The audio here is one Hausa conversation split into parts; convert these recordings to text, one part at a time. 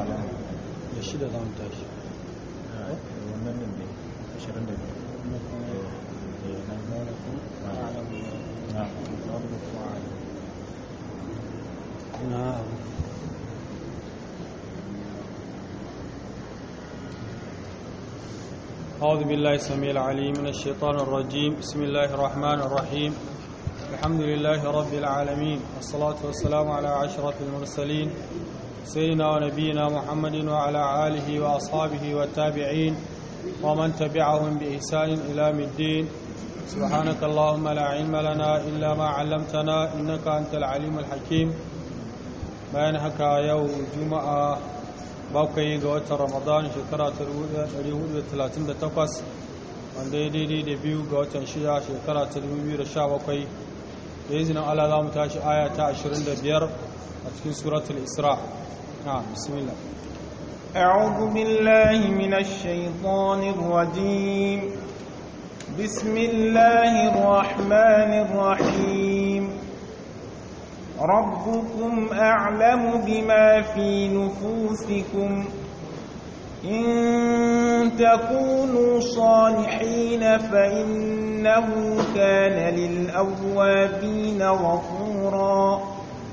hala. da آه، نعم أعوذ بالله السميع العليم من الشيطان الرجيم بسم الله الرحمن الرحيم الحمد لله رب العالمين والصلاة والسلام على عشرة المرسلين سيدنا ونبينا محمد وعلى آله وأصحابه والتابعين ومن تبعهم بإحسان إلى الدين سبحانك اللهم لا علم لنا إلا ما علمتنا إنك أنت العليم الحكيم bayan haka yau juma'a bakwai ga watan ramadan shekara 1438 wanda ya daidai da biyu ga watan shida shekara 2017 da izinin allah za mu tashi aya ta 25 a cikin suratul isra' نعم بسم الله أعوذ بالله من الشيطان الرجيم بسم الله الرحمن الرحيم ربكم أعلم بما في نفوسكم إن تكونوا صالحين فإنه كان للأوابين غفورا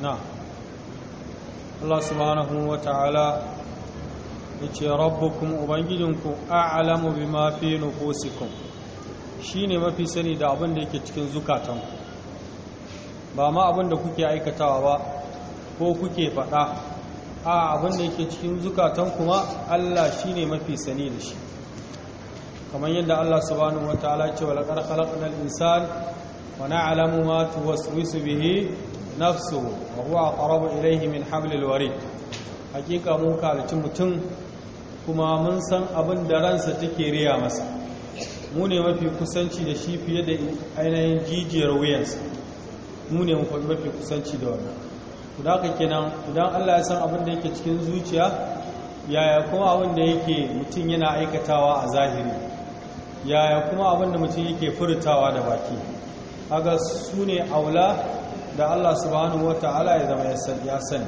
نعم Allah subhanahu wa ta'ala ya ce rabbukum ubangijinku a'lamu bima fi shi shine mafi sani da abin da yake cikin zukatan ba ma abin da kuke aikatawa ba ko kuke faɗa a abin da yake cikin zukatan kuma Allah shine mafi sani da shi kamar yadda Allah subhanahu wa ta'ala ce wa laqad khalaqnal insan wa alamu ma su bihi nafsu wa huwa qarabu ilayhi min hablil warid hakika mun kalci mutum kuma mun san abin da ransa take riya masa mu ne mafi kusanci da shi fiye da ainihin jijiyar wuyansa mu ne mafi kusanci da wannan da haka kenan idan Allah ya san abin da yake cikin zuciya yaya kuma abin da yake mutum yana aikatawa a zahiri yaya kuma abin da mutum yake furtawa da baki haka su ne aula da Allah subhanahu ta'ala ya zama ya sani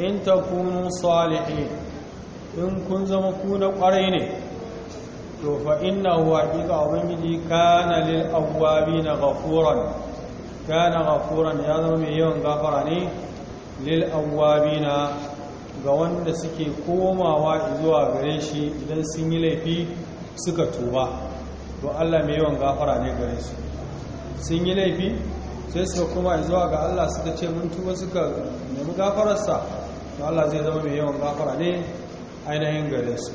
in ta takunu salihin in kun zama kuna kwarai ne to fa innahu haqiqa ubangiji kana lil awwabin ghafuran kana ghafuran ya zama mai yawan gafara ne lil na ga wanda suke komawa zuwa gare shi idan sun yi laifi suka tuba to Allah mai yawan gafara ne gare su sun yi laifi sai suka kuma zuwa ga Allah suka ce mun tuba suka nemi gafararsa to Allah zai zama mai yawan gafara ne ainihin gare su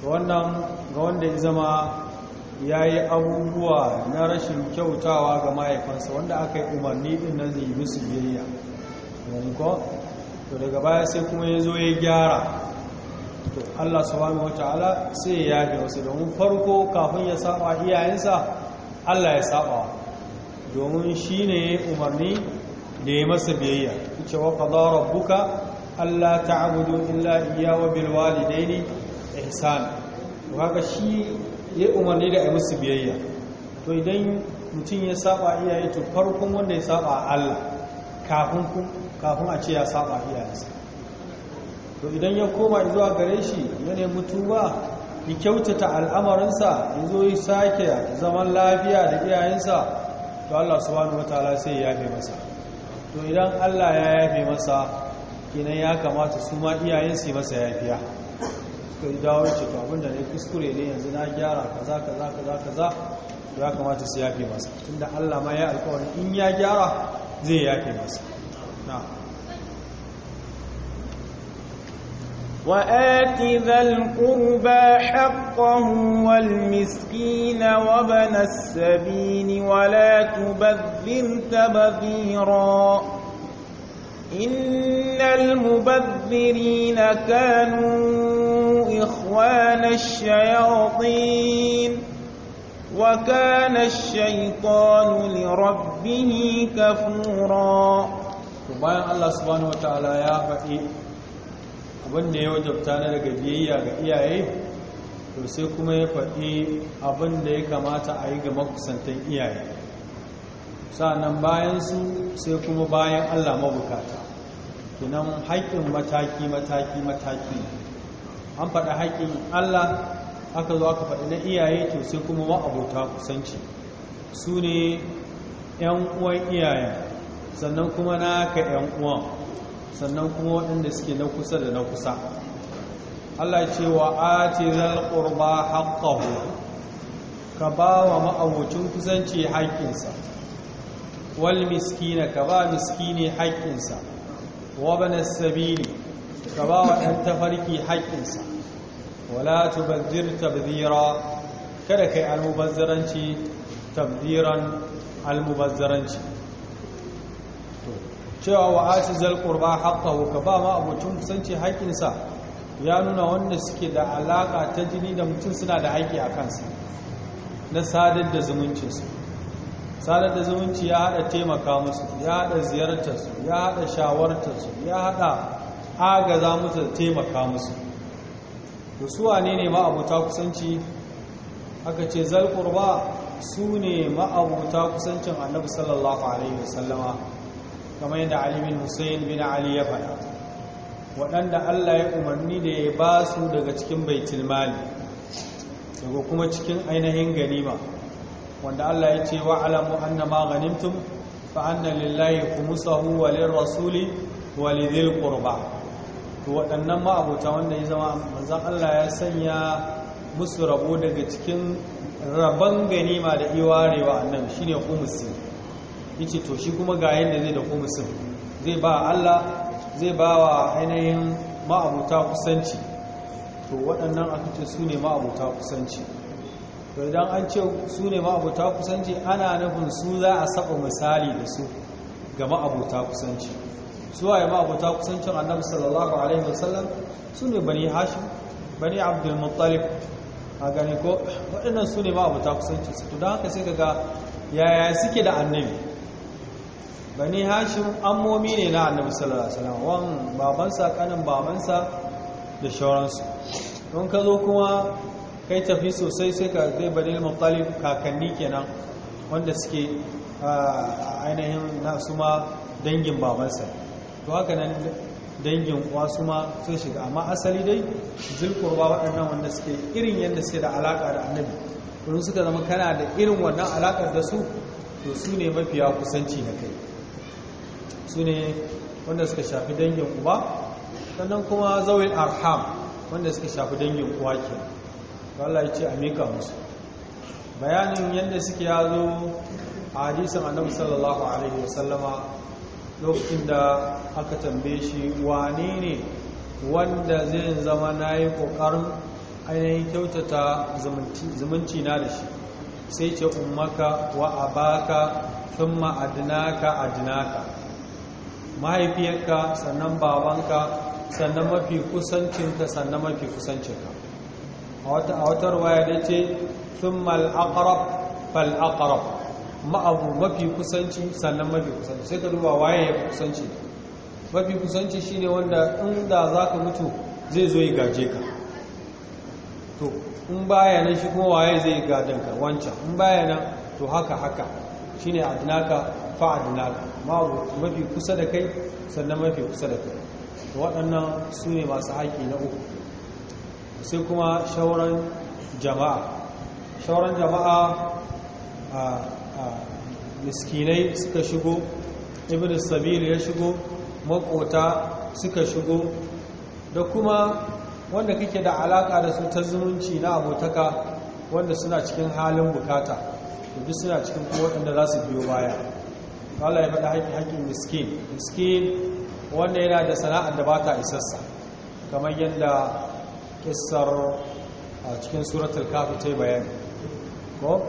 wannan ga wanda ya zama ya yi abubuwa na rashin kyautawa ga mahaifansa wanda aka yi umarni din nan yi musu biyayya yanko to daga baya sai kuma ya zo ya gyara to Allah subhanahu wataala sai ya yi wasu domin farko kafin ya saba iyayensa Allah ya saba domin shi ne umarni da ya masa biyayya ce wa buka Allah ta abudu illa iya iyyahu bil walidayni ihsan to haka shi ya umarni da ya masa biyayya to idan mutum ya saba iyaye to farkon wanda ya saba Allah kafin a ce ya saba iyayensa to idan ya koma zuwa gare shi yana mutuwa ya kyautata al'amarinsa ya zo ya sake zaman lafiya da iyayensa to Allah subhanahu wataala sai ya yafe masa to idan Allah ya yafe masa kinan ya kamata su ma iyayen su masa yafiya to dawo ce to abinda ne kuskure ne yanzu na gyara kaza kaza kaza kaza ya kamata su yafe masa tunda Allah ma ya alƙawarin in ya gyara zai yafe masa وآت ذا القربى حقه والمسكين وبن السبيل ولا تبذر تبذيرا إن المبذرين كانوا إخوان الشياطين وكان الشيطان لربه كفورا سبحان الله سبحانه وتعالى يا بقي abinda ya wajabta na daga biyayya ga iyaye to sai kuma ya faɗi abinda ya kamata a yi ga makusantan iyaye sa'annan bayansu sai kuma bayan allah mabukata kinan haƙƙin mataki mataki mataki an faɗi haƙƙin allah aka zo aka faɗi na iyaye to sai kuma ma'abota kusanci su ne 'yan uwan iyayen sannan kuma na ka 'yan uwan sannan kuma waɗanda suke na kusa da na kusa Allah ce wa ati zal qurba haqqahu ka ba wa ma'abucin kusanci haƙƙinsa wal miskina ka ba miskini haƙƙinsa wa bana ka ba wa ɗan tafarki haƙƙinsa wala tubazzir tabdhira kada kai almubazzaranci tabdiran almubazzaranci cewa wa zai qurba haqqahu ka ba ma abocin kusanci haƙinsa ya nuna wanda suke da alaka ta jini da mutum suna da haƙi a kansa na sadar da zumuncinsu sadar da zumunci ya haɗa taimaka musu ya haɗa ziyartarsu ya haɗa shawartarsu ya haɗa agaza musu da taimaka musu da su wane ne ma'abuta kusanci aka ce zalƙurba su ne ma'abuta kusancin annabi sallallahu alaihi wasallama kamar yadda alimin bin Hussein bin Ali ya faɗa waɗanda Allah ya umarni da ya ba su daga cikin baitul mali daga kuma cikin ainihin ganima wanda Allah ya ce wa alamu anna ma ghanimtum fa anna lillahi khumsahu wa rasuli wa lidhil qurba to waɗannan ma abota wanda ya zama manzon Allah ya sanya musu rabo daga cikin rabon ganima da iwarewa annabi shine khumsi yace to shi kuma ga yanda zai da khumusin zai ba Allah zai ba wa ainihin ma'abuta kusanci to waɗannan aka ce su ne ma'abuta kusanci to idan an ce su ne ma'abuta kusanci ana nufin su za a saba misali da su ga ma'abuta kusanci su waye ma'abuta kusancin annabi sallallahu alaihi wasallam su ne bani hashim bani abdul muttalib a gani ko waɗannan su ne ma'abuta kusanci su to don haka sai ga yaya suke da annabi bani hashim ammomi ne na annabi sallallahu alaihi wasallam wan babansa kanin babansa da shauransu don ka zo kuma kai tafi sosai sai ka zai bani muttalib kakanni kenan wanda suke ainihin na su ma dangin babansa to haka nan dangin uwa su ma sun shiga amma asali dai zulkurwa waɗannan wanda suke irin yadda suke da alaƙa da annabi don suka zama kana da irin wannan alakar da su to su ne mafiya kusanci na kai su ne wanda suka shafi dangin uba sannan kuma zawil arham wanda suka shafi dangin uwa ke wala ya ce a mika musu bayanin yadda suke yazo a hadisan annabi sallallahu alaihi wasallama lokacin da aka tambaye shi wane ne wanda zai zama na yi ƙoƙarin ainihin kyautata zumunci na da shi sai ce umarka wa abaka ka adina ka. mahaifiyarka sannan babanka sannan mafi kusancinka sannan mafi kusancinka a wata ruwaya da ce sun mal'akarab fal'akarab ma'abu mafi kusanci sannan mafi kusanci sai ka duba waye ya kusanci mafi kusanci ne wanda inda za ka mutu zai zo yi gaje ka to in baya nan shi kuma waye zai gadanka wancan in baya nan to haka haka shine adnaka fa adnaka mafi kusa da kai sannan mafi kusa da kai waɗannan su ne masu haƙi na uku sai kuma shauran jama'a shauran jama'a a miskinai suka shigo ibn sabil ya shigo makota suka shigo da kuma wanda kake da alaka da su ta zumunci na abotaka wanda suna cikin halin bukata duk suna cikin kuma waɗanda za su biyo baya Allah ya faɗa haƙƙin haƙƙin miskin miskin wanda yana da sana'ar da ba ta isassa kamar yadda ƙisar a cikin suratul kafi ta bayani ko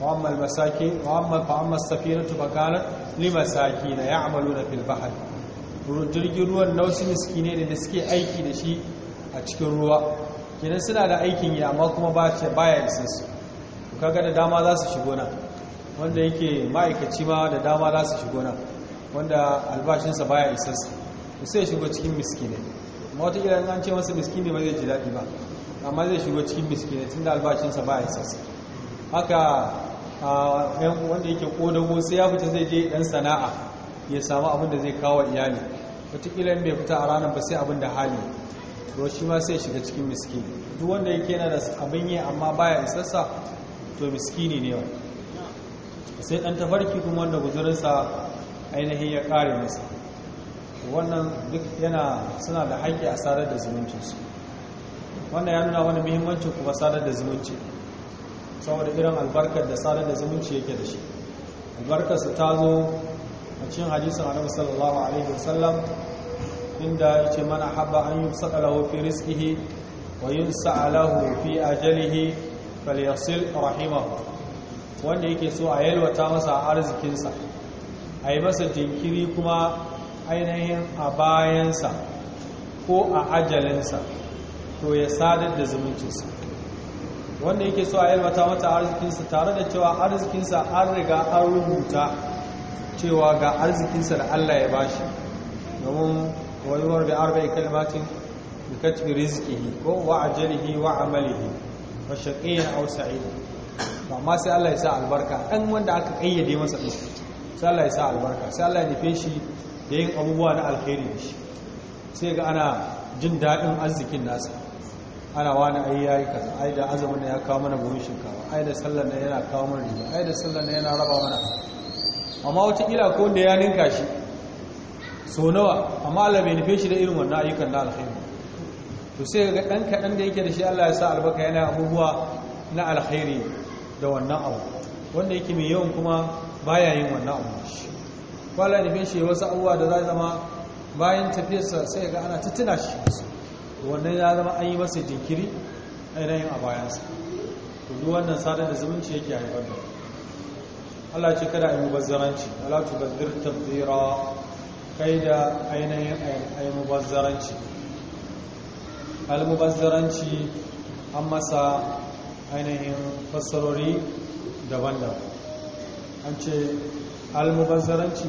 وأما المساكين وأما فأما السفينة na لمساكين يعملون jirgin ruwan na wasu miskine ne da suke aiki da shi a cikin ruwa kenan suna da aikin yi amma kuma baya ya su kaga da dama za su shigo nan wanda yake ma'aikaci ma da dama za su shigo nan wanda albashinsa baya su sai shigo cikin miskinai amma wataƙila an ce masa miskini ba zai ji daɗi ba amma zai shigo cikin miskinai tun da albashinsa baya isarsa haka wanda yake ƙodago sai ya fita zai je ɗan sana'a ya samu abin da zai kawo iyali wataƙila in bai fita a ranar ba sai abin da hali to shi ma sai shiga cikin miskini duk wanda yake yana da abin yi amma baya isassa to miskini ne wa. sai ɗan tafarki kuma wanda guzurinsa ainihin ya ƙare masa wannan duk yana suna da haƙƙi a sadar da zumuncinsu wannan ya nuna wani muhimmanci kuma sadar da zumunci saboda irin albarkar da sadar da zumunci yake da shi albarkarsu ta zo a cikin hadisin annabi sallallahu alaihi wasallam inda yace mana habba an yusaka lahu fi rizqihi wa yunsa lahu fi ajalihi falyasil rahimahu wanda yake so a yalwata masa arzikinsa a yi masa jinkiri kuma ainihin a bayansa ko a ajalinsa to ya sadar da zumuncinsa wanda yake so a yalwata mata arzikinsa tare da cewa arzikinsa an riga an rubuta cewa ga arzikinsa da Allah ya bashi domin wayuwar da ya kalmatin da katbi riziki ko wa ajalihi wa amalihi wa shaƙiyar aw amma sai Allah ya sa albarka ɗan wanda aka kayyade masa ɗin sai Allah ya sa albarka sai Allah ya nufe shi da yin abubuwa na alkhairi da shi sai ga ana jin daɗin arzikin nasa ana wani ai yi kaza ai da azumin ya kawo mana buhun shinkawa ai da sallar na yana kawo mana riba ai da sallar na yana raba mana amma wata kila ko da ya ninka shi so nawa amma Allah bai nufe shi da irin wannan ayyukan na alkhairi to sai ga ɗan kaɗan da yake da shi Allah ya sa albarka yana abubuwa na alkhairi da wannan abu wanda yake mai yawan kuma baya yin wannan abu shi kwallon nufin shi wasu abubuwa da za zama bayan tafiyarsa sai ga ana tattuna shi wannan ya zama an yi masa jinkiri a yanayin a bayansa kudu wannan sadar da zumunci yake haifar da Allah ce kada a yi mubazzaranci ala tubazzir tabdira kai da ainihin a yi mubazzaranci al mubazzaranci an masa ainihin fassarori daban-daban an ce almubazzaranci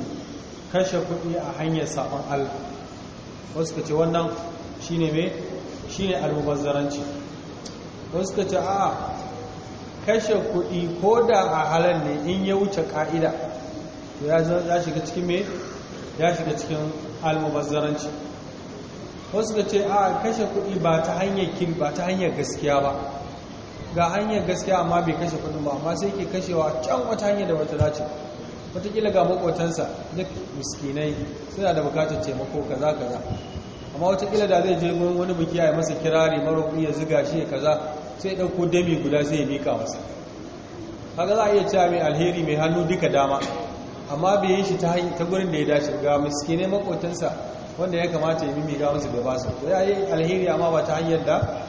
kashe kuɗi a hanyar saɓon allah wasu ka ce wannan shi ne mai shi ne almubazzaranci wasu ka ce a kashe kuɗi ko da a halar ne in ya wuce ƙa'ida ya shiga cikin mai ya shiga cikin almubazzaranci wasu ka ce a kashe kuɗi ba ta hanyar gaskiya ba ga hanyar gaskiya amma bai kashe kudin ba amma sai ke kashewa can wata hanyar da wata dace watakila ga makotansa duk miskinai suna da bukatar taimako kaza kaza amma watakila da zai je wani wani bukiya ya masa kirari maroƙi ya ziga shi kaza sai ɗauko dami guda sai ya mika masa kaga za a iya cewa mai alheri mai hannu duka dama amma bai yi shi ta gurin da ya dace ga miskinai makotansa wanda ya kamata ya mimmiga musu da basu to ya yi alheri amma ba ta hanyar da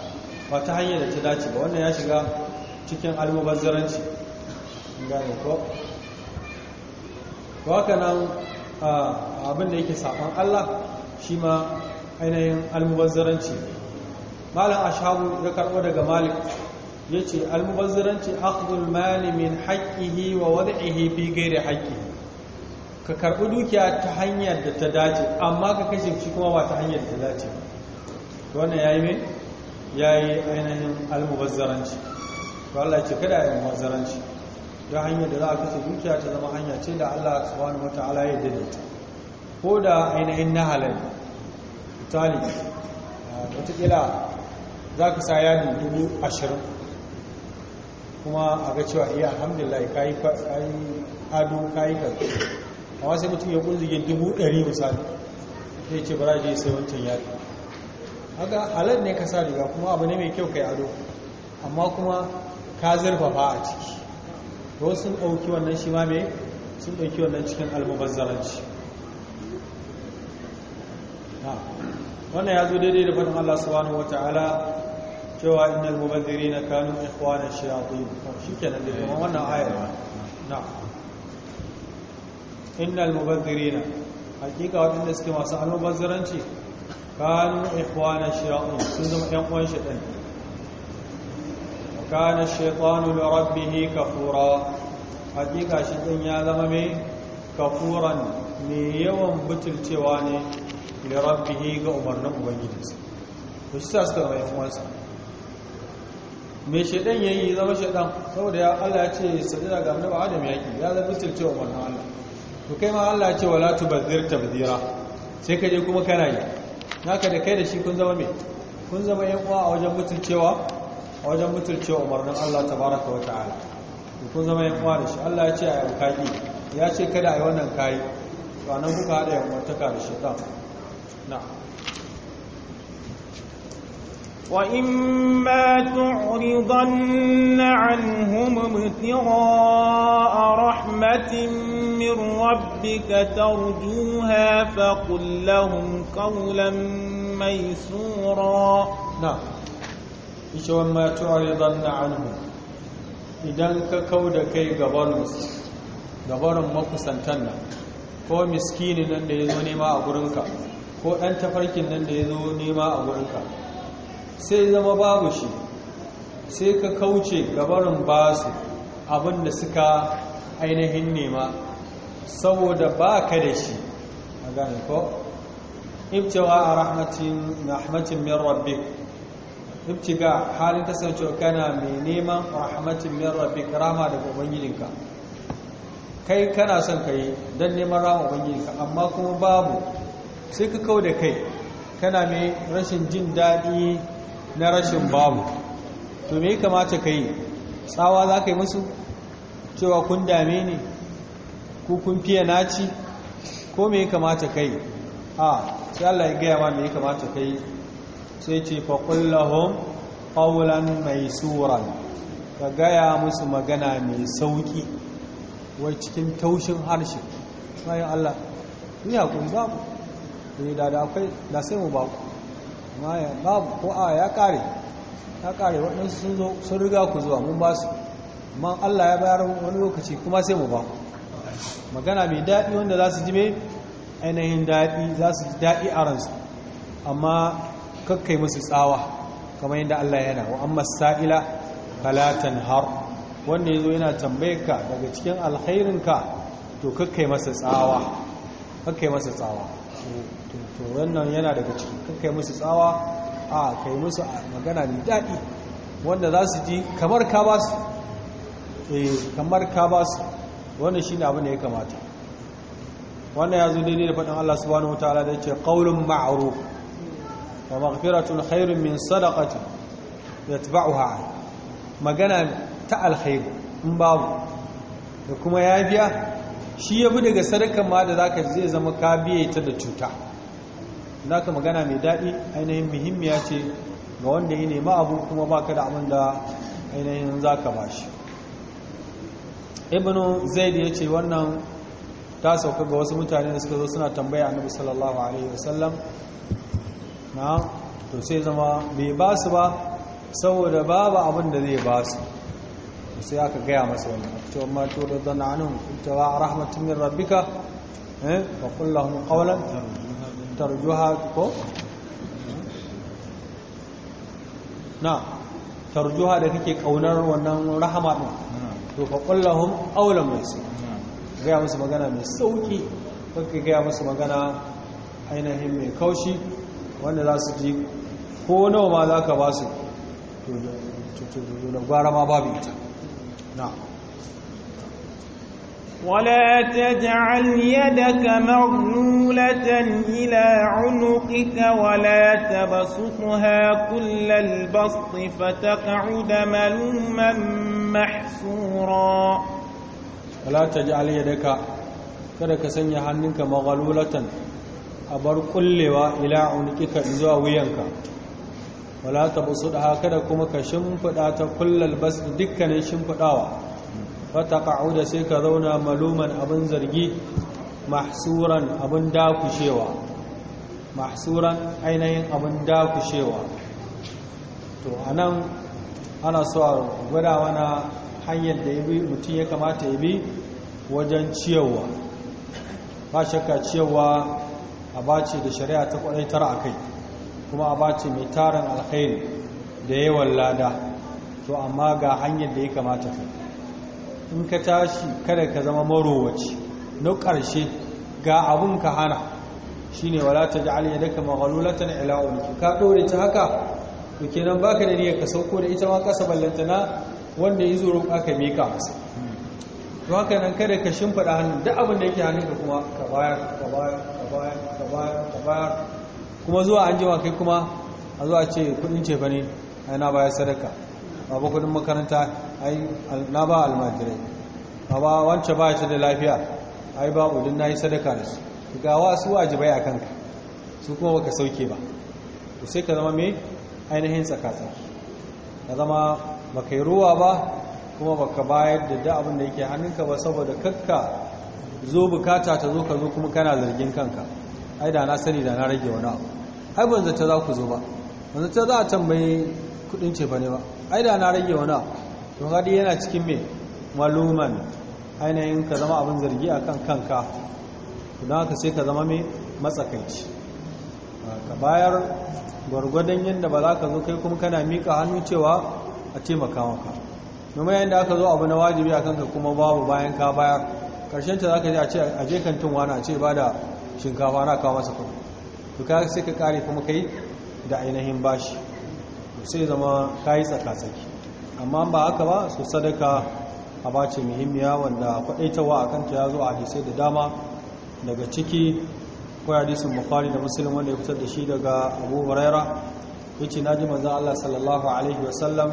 ba ta hanyar da ta dace ba wannan ya shiga cikin almubazzaranci gane ko ba haka nan abin da yake safon Allah shi ma ainihin almubazzaranci malam ashabu ya karɓo daga malik ya ce almubazzaranci akhdul mali min haqqihi wa wad'ihi bi ghairi haqqihi ka karɓi dukiya ta hanyar da ta dace amma ka kashe shi kuma ba ta hanyar da ta dace wannan yayi mai ya yi ainihin almubazzaranci ba Allah ce kada ya mubazzaranci don hanyar da za a kashe dukiya ta zama hanya ce da Allah subhanahu wataala ya daidaita ko da ainihin na halar italy eh, watakila za ka sa yadin dubu ashirin kuma a ga cewa iya alhamdulillah ka yi ado ka yi karfi a sai mutum ya kunzige dubu ɗari misali zai ce ba za je sai wancan yadin haka halar ne ka sa riga kuma abu ne mai kyau kai ado amma kuma ka ba a ciki ko sun ɗauki wannan shi ma mai sun ɗauki wannan cikin zaranci. wannan ya zo daidai da faɗin Allah subhanahu wa ta'ala cewa innal na kanu shi ke nan da kuma wannan ayar na innal na hakika waɗanda suke masu zaranci. kanu ikhwana shayatin sun zama yan uwan shaytan kana shaytanu li rabbih kafura hakika ɗin ya zama mai kafuran mai yawan butulcewa ne rabbi ne ga umarnin ubangijinsa to shi sa suka zama yan uwansa mai shaidan yayi zama shaidan saboda ya Allah ya ce sadira ga annabi Adam yaki ya zama Ya wa wannan Allah to kai ma Allah ya ce wala tubazzir tabdira sai ka je kuma kana yi naka da kai da shi kun zama mai kun zama yan uwa a wajen mutuncewa a wajen mutuncewa umarnin Allah tabaraka wa ta'ala kun zama yan uwa da shi Allah ya ce a yi kaki ya ce kada a yi wannan kayi to anan kuka haɗa yan uwartaka da shaitan na'am وإما تعرضن عنهم ابتغاء رحمة رحمة من ربك ترجوها فقل لهم قولا ميسورا نعم إيش وما تعرضن عنه idan ka kau da kai gabarin makusantan ko miskini nan da ya zo nema a gurinka ko ɗan tafarkin nan da ya zo nema a gurinka sai zama babu shi sai ka kauce gabarin basu abinda suka ainihin nema saboda ba ka da shi a gane ko ibtiwa a rahmatin min rabbik ibtiga halin kasance kana mai neman rahmatin min rabbi rama da ubangijinka kai kana son ka yi don neman rama ubangijinka amma kuma babu sai ka kawo da kai kana mai rashin jin daɗi na rashin babu to me kamata ka yi tsawa za ka yi musu cewa kun dame ni ku kun fiye naci ko me kamata kai a sai Allah ya gaya ma me kamata kai sai ce fa qul lahum mai tsoron. ka gaya musu magana mai sauƙi. wai cikin taushin harshe bayan Allah ni hakuri babu ne eh, da da akwai da sai mu babu amma babu ko a ya ƙare ya ƙare waɗansu sun sun riga ku zuwa mun ba su amma Allah ya bayar wani lokaci kuma sai mu ba magana mai daɗi wanda za su ji mai ainihin daɗi za su ji daɗi a ransu amma kakkai musu tsawa kamar yadda Allah yana wa amma sa'ila falatan har wanda ya zo yana tambaye ka daga cikin alkhairinka to kakkai masa tsawa kakkai masa tsawa to wannan yana daga cikin kakkai musu tsawa a kai musu magana mai daɗi wanda za su ji kamar ka ba su Eh, kamar ka ba su wannan ne abin da ya kamata wannan ya zo daidai da faɗin Allah subhanahu ta'ala da ce qaulun ma'ruf wa maghfiratun khairun min sadaqatin yatba'uha magana ta alkhair in babu da kuma yafiya shi ya bi daga sadakan ma da zaka zai zama ka biye ta da cuta naka magana mai daɗi ainihin muhimmiya ce ga wanda ya nema abu kuma baka da abin da ainihin zaka bashi ibnu zaid ya ce wannan ta sauka ga wasu mutane da suka zo suna tambaya annabi sallallahu alaihi wasallam na to sai zama bai ba su ba saboda babu abin da zai ba su sai aka gaya masa wannan to amma to da ta anhum intawa rahmatun min rabbika eh kula qul lahum qawlan tarjuha ko na tarjuha da kake kaunar wannan rahama din to fa kullahum qawlan maysir gaya musu magana mai sauki kake gaya musu magana ainihin mai kaushi wanda za su ji ko nawa ma za ka ba su to to na gwara ma babu ita na ولا تجعل يدك مغلولة إلى عنقك ولا تبسطها كل البسط فتقعد ملوما محسورا ولا تجعل يدك kada ka sanya hannunka maghalulatan a bar kullewa ila unikika zuwa wuyanka wala tabsudha kada kuma ka shimfida ta kullal bas dukkanin shimfidawa da sai ka zauna maluman abin zargi mahsuran abin dakushewa mahsuran ainihin abin dakushewa to anan ana so a gwada mana hanyar da mutum ya kamata ya bi wajen ciyarwa ba shakka ciyarwa a bace da shari'a ta tara a kai kuma a bace mai tarin alkhairi da yawan lada to amma ga hanyar da ya kamata ka in ka tashi kada ka zama marowaci na ƙarshe ga abin ka hana shine wala taj'al yadaka maghlulatan ila ila'uniki ka ɗore ta haka to kenan baka da niyyar ka sauko da ita ma kasa ballantana wanda yi zo roƙa ka miƙa masa to haka nan kada ka shimfiɗa hannu duk abin da yake hannunka kuma ka bayar ka bayar ka bayar ka bayar ka bayar kuma zuwa an jima kai kuma a zuwa ce kuɗin cefa ne ai na bayar sadaka ba ba kuɗin makaranta ai na ba almajirai ba ba wancan ba ta da lafiya ai ba udin na yi sadaka da su ga wasu wajibai a kanka su kuma baka sauke ba sai ka zama me ainihin tsakatsa ka zama baka yi ruwa ba kuma baka bayar da da abin da yake hannunka ba saboda kakka zo bukata ta zo ka zo kuma kana zargin kanka ai da na sani da na rage wani abu ai ban zata za ku zo ba ban zata za a tambayi kudin ce ba ne ba ai da na rage wani abu to gadi yana cikin me maluman ainihin ka zama abin zargi akan kanka don haka sai ka zama mai matsakaici ka bayar gwargwadon yadda ba za ka zo kai kuma kana miƙa hannu cewa a taimaka maka domin yadda aka zo abu na wajibi a kanka kuma babu bayan ka bayar ƙarshen ta za ka je a je kantin wani a ce ba da shinkafa na kawo masa kuɗi to ka sai ka kare kuma kai da ainihin bashi sai zama ka yi tsakatsaki amma ba haka ba su sadaka a bace muhimmiya wanda kwaɗaitawa a kanta ya zo a hadisai da dama daga ciki akwai hadisin bukhari da muslim wanda ya fitar da shi daga abu huraira yace naji manzon Allah sallallahu alaihi wasallam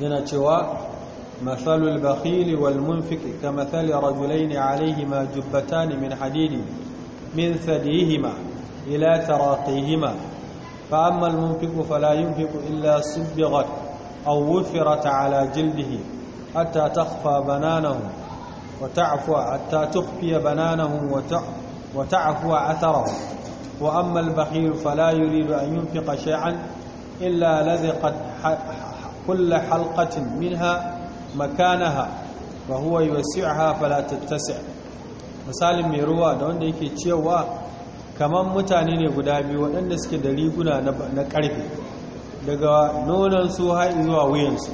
yana cewa mathalul bakhili wal munfiq kamathali rajulaini alaihima jubbatan min hadidin min thadihima ila taraqihima fa amma al munfiq fala yunfiqu illa subghat aw wufirat ala jildihi hatta takhfa bananahu وتعفو حتى تخفي بنانه وتعفو وتعفو أثره وأما البخيل فلا يريد أن ينفق شيئا إلا لذقت كل حلقة منها مكانها وهو يوسعها فلا تتسع misalin mai ruwa da wanda yake cewa kamar mutane ne guda biyu waɗanda suke da riguna na ƙarfe daga nonon har zuwa wuyansu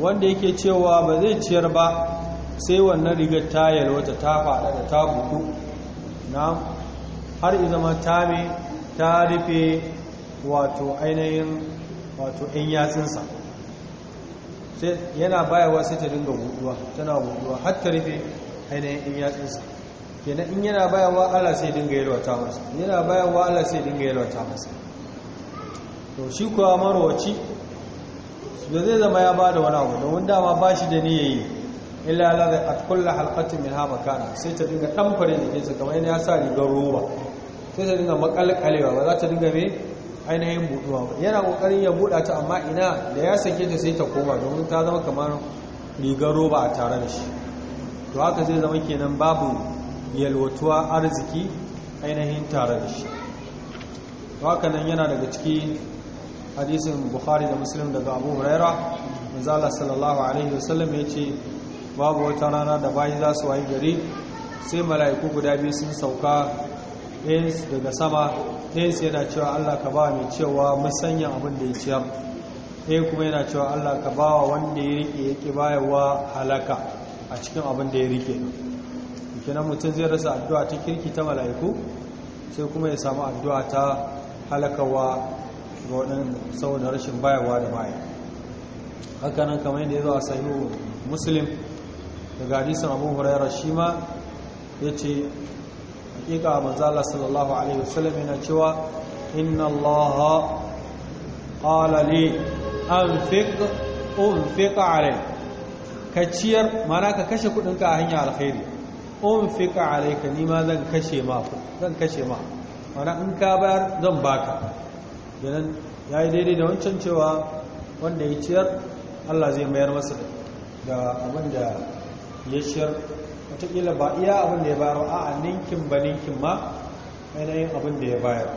wanda yake cewa ba zai ciyar ba sai wannan rigar tayal wata ta faɗa da ta buɗu na'am har izama ta ta rufe wato ainihin wato ɗin yatsinsa sai yana bayawa sai ta dinga buduwa tana buduwa har ta rufe ainihin ɗin yatsinsa kenan in yana bayawa Allah sai dinga yalwata masa yana bayawa Allah sai dinga yalwata masa to shi kuwa marwaci da zai zama ya bada wani abu da wanda ma ba shi da niyyayi illa la zaqat kullu min ha makana sai ta dinga tamfare da kinsa kamar yana sa rigar roba sai ta dinga makalkalewa ba za ta dinga me ainihin buduwa ba yana kokarin ya buɗa ta amma ina da ya sake ta sai ta koma domin ta zama kamar rigar roba a tare da shi to haka zai zama kenan babu yalwatuwa arziki ainihin tare da shi to haka nan yana daga ciki hadisin bukhari da muslim daga abu huraira manzala sallallahu alaihi wasallam ya ce babu wata rana da bayi za su wayi gari sai mala'iku guda biyu sun sauka ɗayansu daga sama ɗayansu yana cewa allah ka ba mai cewa sanya abin da ya ciya ɗaya kuma yana cewa allah ka ba wa wanda ya rike ya ƙi bayarwa halaka a cikin abin da ya rike kenan mutum zai rasa addu'a ta kirki ta mala'iku sai kuma ya samu addu'a ta halakawa ga waɗanda saboda rashin bayarwa da baya hakanan kamar yadda ya zo a sahihu muslim daga hadisin abu huraira shi ma ya ce hakika manzala sallallahu alaihi wasallam yana cewa inna allaha qala li anfiq unfiq alai ka ciyar mana ka kashe kudinka a hanyar alkhairi unfiq alaika ni ma zan kashe ma zan kashe ma mana in ka bayar zan baka kenan yayi daidai da wancan cewa wanda ya ciyar Allah zai mayar masa da abin da ya shir watakila ba iya abin da ya bayar a ninkin ba ninkin ma yanayin abin da ya bayar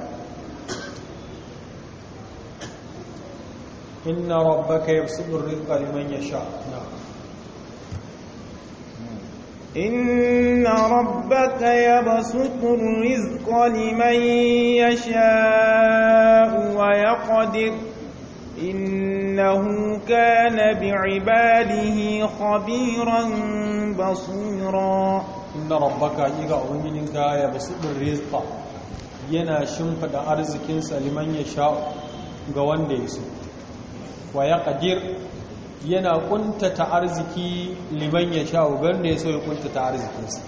inna rabbaka yabsutur rizqa ya sha na إن ربك يبسط الرزق لمن يشاء ويقدر إنه كان بعباده خبيرا بصيرا إن ربك إيغا أبنجنك يبسط الرزق yana shimfida arzikinsa liman ya sha ga wanda ya so wa ya yana ƙuntata arziki liman ya sha ga wanda ya so ya ƙuntata arzikinsa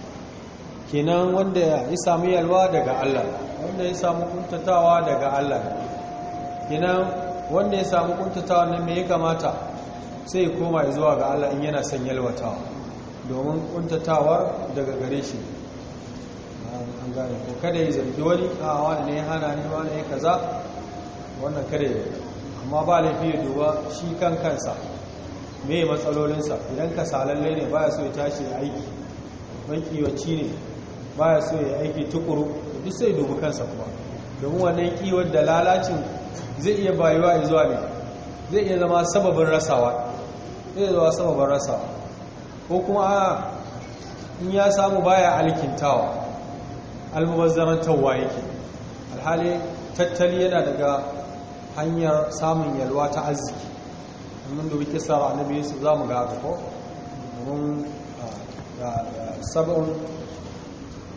kenan wanda ya samu yalwa daga allah wanda ya samu ƙuntatawa daga allah kenan wanda ya samu kuntatawa nan me ya kamata sai ya koma zuwa ga Allah in yana son yalwatawa domin kuntatawa daga gare shi an gane ko kada ya zargi wani a wani ne ya hana ne wani ya kaza wannan kare amma ba laifi ya duba shi kan kansa me matsalolinsa idan ka salalle ne baya so ya tashi ya aiki bankiwaci ne baya so ya aiki tukuru duk sai dubu kansa kuma domin wannan kiwon da lalacin zai iya bayuwa zuwa ne zai iya zama sababin rasawa zai zama sababin rasawa ko kuma a in ya samu baya alkintawa almubazzarantarwa yake alhali tattali yana daga hanyar samun yalwa ta arziki domin da wike sa a nabi su za mu ga haka ko domin sabon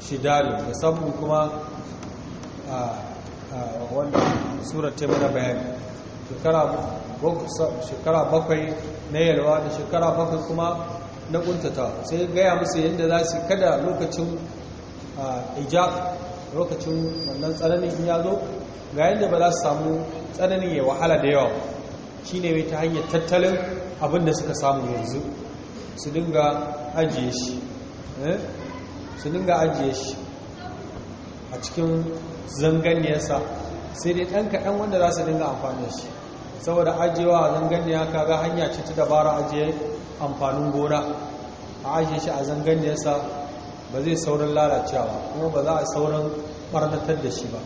shidalin da sabon kuma wanda surar ce mana bayani shekara bakwai na yalwa da shekara bakwai kuma na kuntata sai gaya musu yadda za su kada lokacin ijab lokacin wannan tsananin ya zo ga yadda ba za su samu tsananin ya wahala da yawa shi ne mai ta hanyar tattalin abin da suka samu yanzu su dinga eh? su dinga ajiye shi a cikin zanganiyarsa sai dai ɗan kaɗan wanda za su dinga amfani da shi saboda ajiyewa a zanganiya kaga hanya ce ta dabara ajiye amfanin gona a ajiye shi a zanganiyarsa ba zai saurin lalacewa kuma ba za a saurin ɓarnatar da shi ba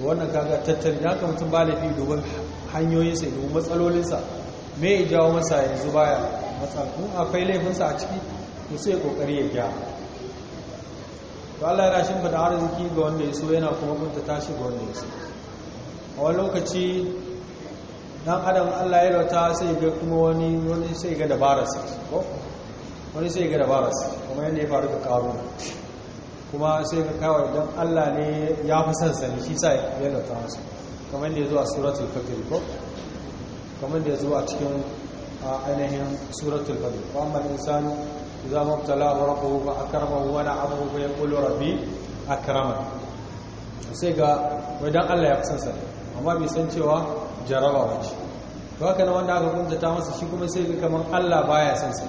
wannan kaga tattali da haka mutum ba laifi domin hanyoyinsa domin matsalolinsa me ya jawo masa yanzu baya matsalolin akwai laifinsa a ciki to sai kokari ya gyara to Allah ba da arziki ga wanda ya so yana kuma kunta tashi ga wanda ya so a wani lokaci dan adam Allah ya rauta sai ga kuma wani wani sai ga dabararsa ko wani sai ga dabararsa kuma yanda ya faru ga karu kuma sai ga kawai dan Allah ne ya fi son sani shi sai ya rauta masa kamar da ya zo a suratul fajr ko kamar da ya zo a cikin ainihin suratul fajr ko amma nisan. Za a إذا ما ابتلاه ربه ya ونعمه فيقول a أكرمه sai ga wadan Allah ya kusansa amma bai san cewa jaraba wace to haka na wanda aka kuntata masa shi kuma sai ga kamar Allah baya san sa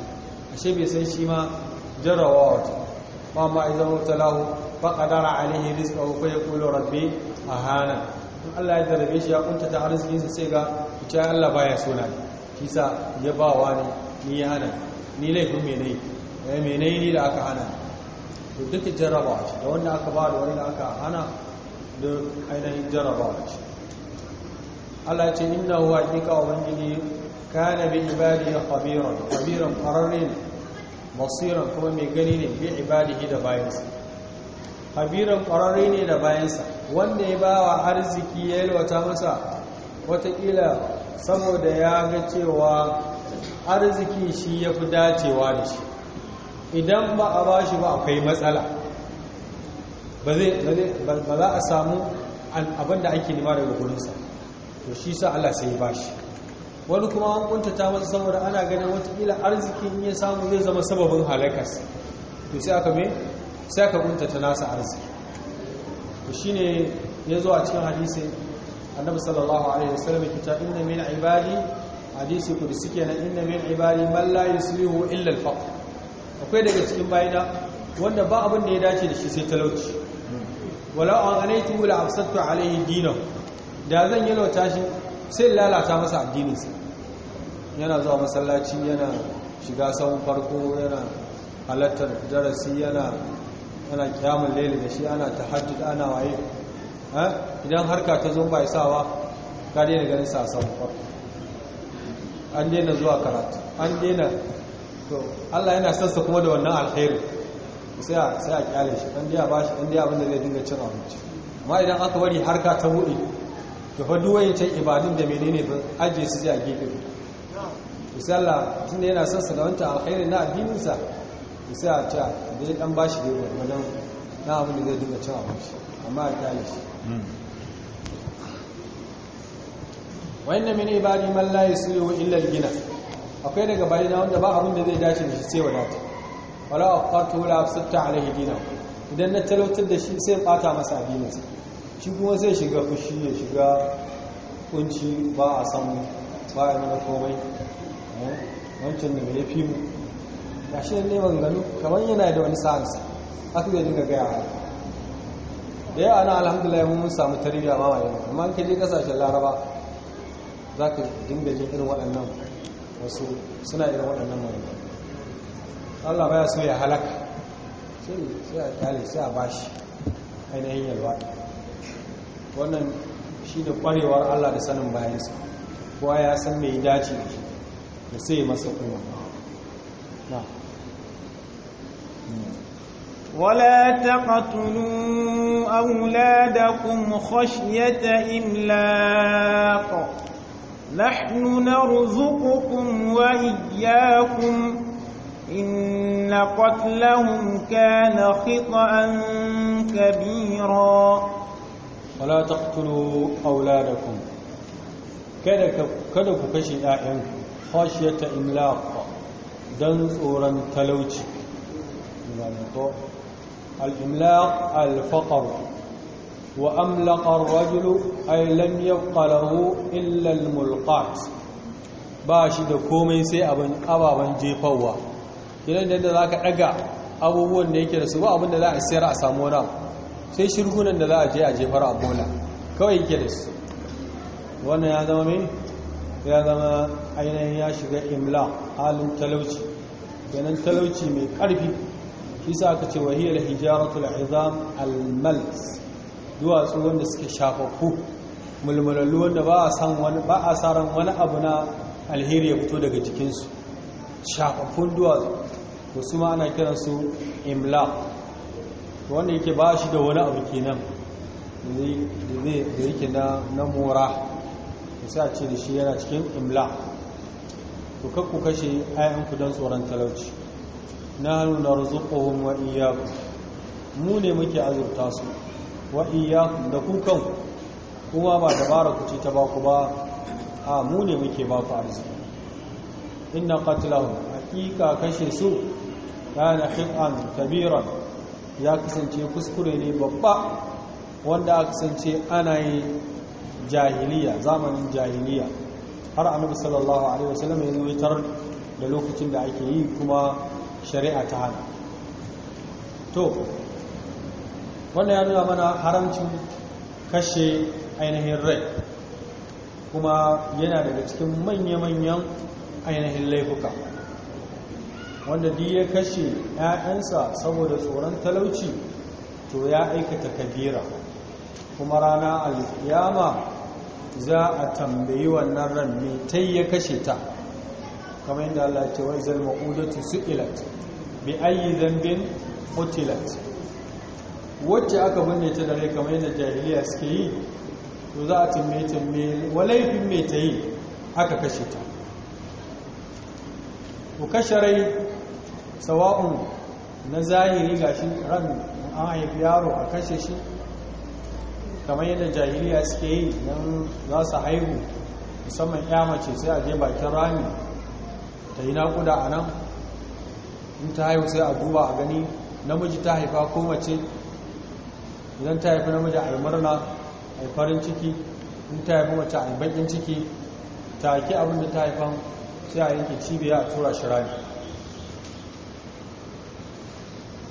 ashe bai san shi ma jaraba wace ba ma idan mutalahu fa qadara alaihi rizqahu fa yaqulu rabbi ahana in Allah ya jarabe shi ya kuntata arzikinsa sai ga ita Allah baya so na shi ya ba wa ni ni ya hana ni laifin me ya eh, menene da aka hana to duka jarrabawa ce da wanda aka ba da wanda aka hana da ainihin jarrabawa ce Allah ya ce inna huwa hakika ubangiji kana bi ibadihi khabiran khabiran qararri ne basiran kuma mai gani ne bi ibadihi da bayansa khabiran qararri ne da bayansa wanda ya bawa arziki ya yalwata masa watakila saboda ya ga cewa arziki shi ya fi dacewa da shi idan ba a bashi ba akwai matsala ba za a samu abinda ake nima daga gurinsa to shi sa Allah sai ya bashi wani kuma an ta masa saboda ana ganin watakila arzikin ya samu zai zama sababin halakas to sai aka mai sai aka ta nasa arziki to shi ne ya zo a cikin hadisi annabi sallallahu alaihi wasallam ya fita inna min ibadi hadisi ku suke na inna min ibadi man la yuslihu illa al-faqr akwai daga cikin bayina wanda ba abin da ya dace da shi sai talauci wala an anaitu la absattu alayhi dinar da zan yi lauta shi sai lalata masa addininsa yana zuwa masallaci yana shiga sahun farko yana halattar darasi yana ana kyamun laili da shi ana tahajjud ana waye idan harka ta zo bai sawa ka daina ganin sa sahun farko an daina zuwa karatu an daina to Allah yana sassa kuma da wannan alheri sai sai a kyale shi dan biya bashi dan biya abin da zai dinga cin abinci amma idan aka bari harka ta hudu to fa duwaye ta ibadun da menene ba aje su ji a gefe to sai Allah tunda yana sassa da wannan alheri na addinin sa sai a ta dai dan bashi dai wannan na abin da zai dinga cin abinci amma a kyale shi hmm. wa inna min ibadi man la yusiru illa al-ghina akwai daga bayina wanda ba abin da zai dace da shi sai wadata wala aqatu la absatta alaihi dina idan na talautar da shi sai bata masa addininsa shi kuma sai shiga fushi ya shiga kunci ba a san ba eh, ya nuna komai wancan da mai fi mu ga shi ne gano kamar yana da wani sa'ansa haka zai dinga gaya wa da yawa na alhamdulillah mun samu tarbiyya ma wa amma in ka je kasashen laraba za ka dinga jin irin waɗannan wasu suna irin waɗannan maganganu Allah baya so ya halaka sai sai a kyale sai a bashi ainihin yalwa wannan shi da kwarewar Allah da sanin bayansa kuwa ya san mai dace da da sai masa kuma na ولا تقتلوا أولادكم خشية إملاق نحن نرزقكم وإياكم إن قتلهم كان خطأ كبيرا ولا تقتلوا أولادكم كذا كذا خشية إملاق دن أوران تلوتي الإملاق الفقر وأملق الرجل أي لم يبق illal إلا الملقات باشي da komai sai abin ababan jefawa idan da za ka daga abubuwan da yake da su ba abin da za a sayar a samu wani sai shirgunan da za a je a jefar a bola kawai yake da su wannan ya zama mai ya zama ainihin ya shiga imla halin talauci ganin talauci mai karfi shi sa aka ce wahiyar hijaratul izam al-mals duwatsu wanda suke shafafu mulmulallu wanda ba a sa ran wani abu na alheri ya fito daga jikinsu Shafafun duwatsu to su ma ana kiransu imla wanda yake ba shi da wani abu kenan da yake na mora sai a ce da shi yana cikin imla to kakku kashe ayan don tsoron talauci na hannu na rizukohun wa iya mu ne muke azurta su wa iya da ku kowa ba dabara ku ce ta baku ba a mu ne muke baku arziki inna qatlahum hakika kashe su kana khit'an kabiran ya kasance kuskure ne babba wanda aka kasance ana yi jahiliya zamanin jahiliya har annabi sallallahu alaihi wasallam ya wutar da lokacin da ake yi kuma shari'a ta hana to Wanda ya nuna mana haramcin kashe ainihin rai kuma yana daga cikin manya-manyan ainihin laifuka wanda duk ya kashe 'ya'yansa saboda tsoron talauci to ya aikata kabira kuma rana alifiyama za a tambayi wannan ran mai ta ya kashe ta kamar yadda Allah ce wai zalma su ilat? bi ayi zambin qutilat wacce aka binne ta dare kamar yadda jahiliya suke yi to za a tambaye tambaye walaifin mai ta yi aka kashe ta ku kashe rai sawa'un na zahiri ga shi ran an haifi yaro a kashe shi kamar yadda jahiliya suke yi don za su haihu musamman ya mace sai a je bakin rami ta yi naƙuda a nan in ta haihu sai a duba a gani namiji ta haifa ko mace idan ta haifi namiji a yi murna a yi farin ciki in ta haifi mace a yi bakin ciki ta haƙi abin da ta haifan sai a yanke cibiya a tura shi rami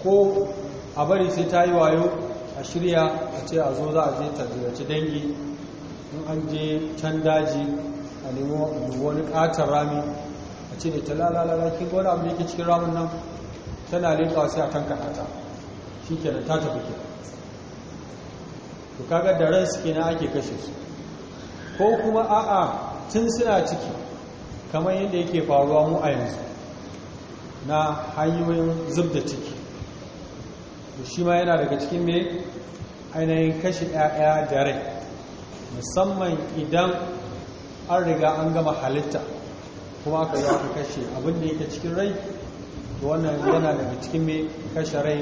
ko a bari sai ta yi wayo a shirya a ce a zo za a je ta ziyarci dangi in an je can daji a nemo wani katon rami a ce da ta lalala kin gwada abin da yake cikin ramin nan tana leƙawa sai a tankata ta shi kenan ta tafi kenan to kaga da ran suke na ake kashe su ko kuma a'a tun suna ciki kamar yadda yake faruwa mu a yanzu na hanyoyin zub da ciki shi ma yana daga cikin mai ainihin kashe ɗaya da rai musamman idan an riga an gama halitta kuma aka yi aka kashe abinda yake cikin rai wannan yana daga cikin mai kashe rai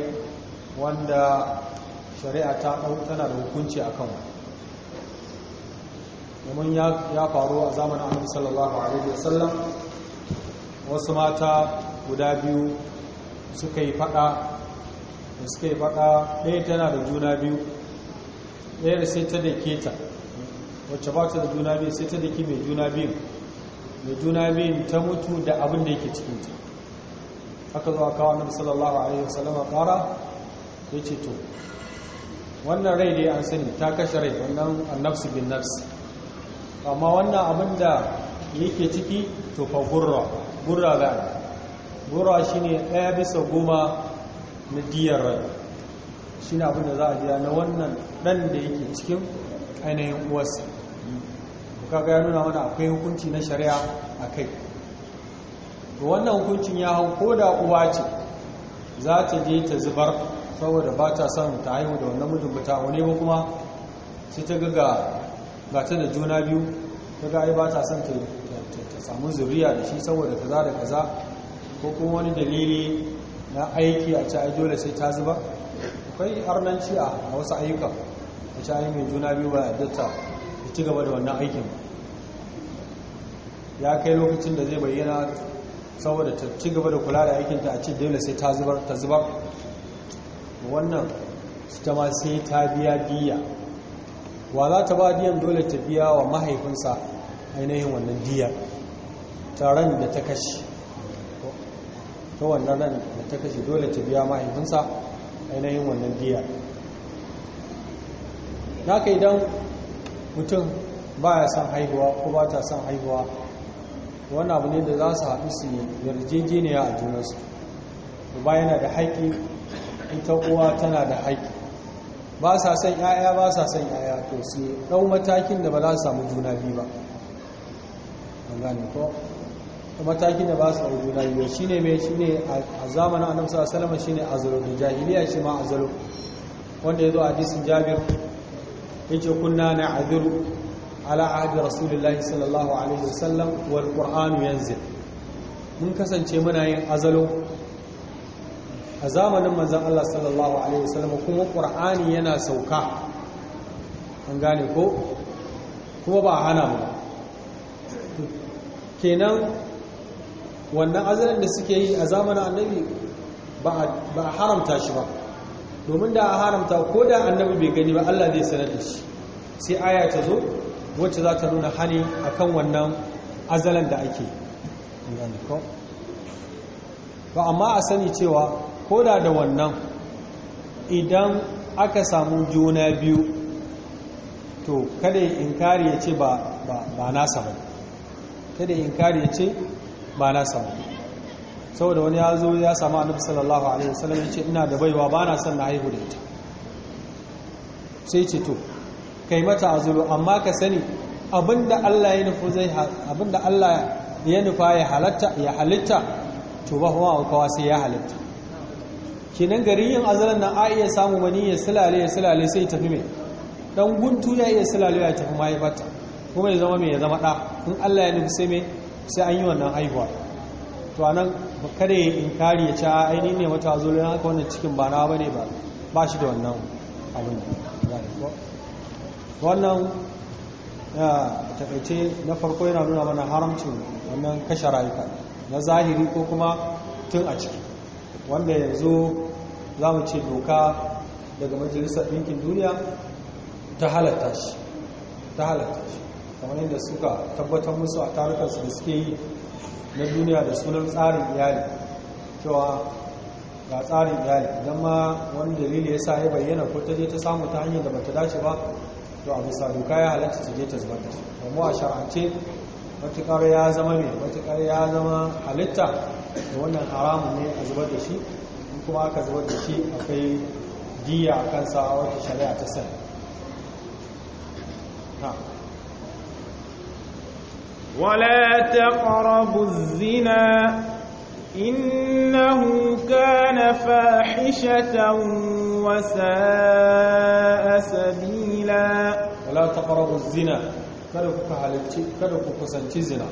wanda shari'a ta ɗau tana da hukunci a kan domin ya faru a zamanin annabi sallallahu alaihi wasallam wasu mata guda biyu suka yi fada da suka yi fada ɗaya tana da juna biyu da sai ta da keta wacce ba ta da juna biyu sai ta da mai juna biyu mai juna biyu ta mutu da abin da yake cikinta aka zuwa kawo annabi sallallahu alaihi a. ƙara ya ce to wannan rai dai an sani ta kashe rai wannan annafsu bin nafsi amma wannan abin da yake ciki to fa gurra gurra ga gurra shi ne ɗaya bisa goma na diyar rai shi ne abin da za a jiya na wannan ɗan da yake cikin ainihin uwarsa kaga ya nuna mana akwai hukunci na shari'a a kai wannan hukuncin ya hau ko da uwa ce za ta je ta zubar saboda ba ta son ta haihu da wannan mutum bata wani ba kuma sai ta ga ta da juna biyu ta ga ba ta son ta samu zuriya da shi saboda kaza da kaza ko kuma wani dalili na aiki a ci dole sai ta zuba akwai arnanci a wasu ayyuka a ci mai juna biyu ba yadda ta ci gaba da wannan aikin ya kai lokacin da zai bayyana saboda ta ci gaba da kula da aikinta a ci dole sai ta zubar wannan ta ma sai ta biya diya wa za ta ba diyan dole ta biya wa mahaifinsa ainihin wannan diyar taron da ta kashi ta wannan ran da ta kashe dole ta biya mahaifinsa ainihin wannan diyar naka idan mutum ba ya son haihuwa ko ba ta son haihuwa wannan abu ne da za su haɗu su yarjejeniya a junansu ba yana da haƙi ita uwa tana da haƙƙi ba sa san ‘ya'ya ba sa san ‘ya'ya to sai ɗau matakin da ba za su samu juna biyu ba gane ko matakin da ba su samu juna biyu shi ne mai shi ne a zamanin annabi sallallahu shi ne azalo da jahiliya shi ma azalo wanda ya zo a hadisin jabir yace kunna na adiru ala ahdi rasulullahi sallallahu alaihi wasallam wal qur'anu yanzil mun kasance muna yin azalo a zamanin manzan Allah sallallahu alaihi wasallam kuma ƙur'ani yana sauka an gane ko kuma ba hana ba kenan wannan azalan da suke yi a zamanin annabi ba a haramta shi ba domin da a haramta ko da annabi bai gani ba Allah zai sanar da shi sai aya ta zo wacce za ta nuna hani akan wannan azalan da ake ba amma a sani cewa koda da wannan idan aka samu juna biyu to kada inkari ya ce ba ba nasa ba kada inkari ya ce ba nasa ba saboda wani ya zo ya samu annabi sallallahu alaihi wasallam ya ce ina da baiwa ba na son na haihu da ita sai ce to kai mata azuru amma ka sani abinda Allah ya nufa zai abinda Allah ya nufa ya halatta ya halitta to ba kuma kawa sai ya halitta kenan gari yin azalan nan a iya samu mani ya silale ya silale sai tafi mai don guntu ya iya silale ya tafi mahaifarta kuma ya zama mai ya zama ɗa in allah ya nufi sai mai sai an yi wannan haihuwa to a nan kada ya inkari ya ci a aini ne wata zo lana haka wannan cikin ba na ba ne ba shi da wannan abin wannan takaice na farko yana nuna mana haramcin wannan kashe rayuka na zahiri ko kuma tun a ciki wanda yanzu za mu ce doka daga majalisar ɗinkin duniya ta halatta shi ta halatta shi kamar yadda suka tabbatar musu a tarukansu da suke yi na duniya da sunan tsarin iyali cewa ga tsarin iyali idan ma wani dalili ya sa ya bayyana ko ta je ta samu ta hanyar da bata dace ba to a bisa doka ya halatta ta je ta zubar da shi a sha'ance matuƙar zama mai matuƙar ya zama halitta da wannan haramun ne a zubar da shi kuma aka zubar da shi akwai diya a kansa wata shari'a ta sani ولا تقربوا الزنا إنه كان فاحشة وساء Wala ta تقربوا zina, kada ku kusanci zina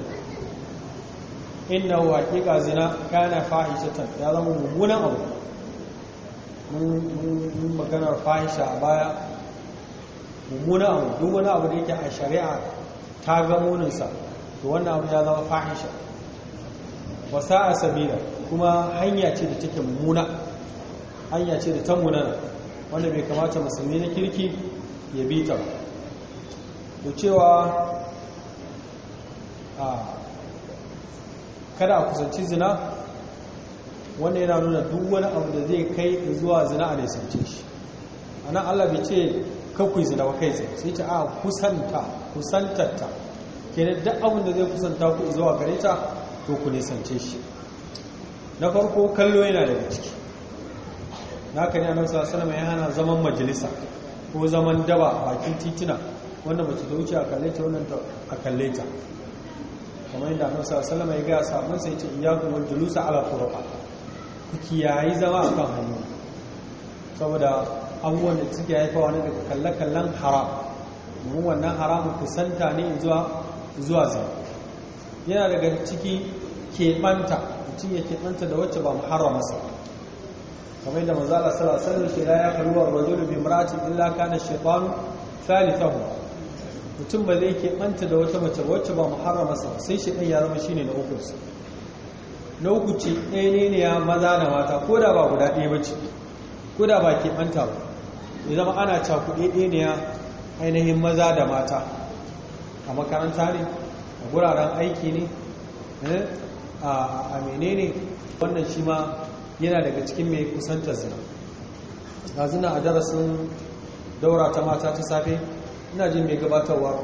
inna haƙiƙa zina kana ta ya zama mummunan abu mun maganar fahisha a baya mummunan abu duk wani abu da yake a shari'a ta ga muninsa to wannan abu ya zama fahisha wasa a sabila kuma hanya ce da take mummuna hanya ce da ta munana wanda bai kamata musulmi na kirki ya bi ta ba to cewa a kada a kusanci zina wanda yana nuna duk wani abu da zai kai zuwa zina a nisance shi a nan allah bai ce kakwai zina wa kai zai, sai ce a kusanta kusantarta kenan duk abin da zai kusanta ku zuwa gare ta to ku nisance shi na farko kallo yana daga ciki na kan yana sa sanama ya hana zaman majalisa ko zaman daba bakin titina wanda mace ta wuce a kalle ta a kalle kamar yadda annabi sallallahu alaihi ya ga sabon sai ce iyyakum wal julusa ala turuqa ku kiyayi zama a kan hannu saboda abubuwan da suke haifawa ne daga kalle-kallen haram domin wannan haramun santa ne zuwa zuwa zai yana daga ciki keɓanta mutum ya keɓanta da wacce ba mu masa kamar yadda manzo Allah sallallahu alaihi wasallam ya karuwa rajulu bi imra'atin illa kana shaytanu thalithahu mutum ba zai ke keɓanta da wata mace wacce ba muharramarsa ba sai shaidan ya zama ne na uku su na uku ce ɗaya ne ya maza na mata ko da ba guda ɗaya bace ko da ba keɓanta ba ya zama ana caku ɗaya ne ya ainihin maza da mata a makaranta ne a guraren aiki ne eh, a menene wannan shi ma yana daga cikin mai kusantar zina ga a darasin daura ta mata ta safe ina jin mai gabatarwa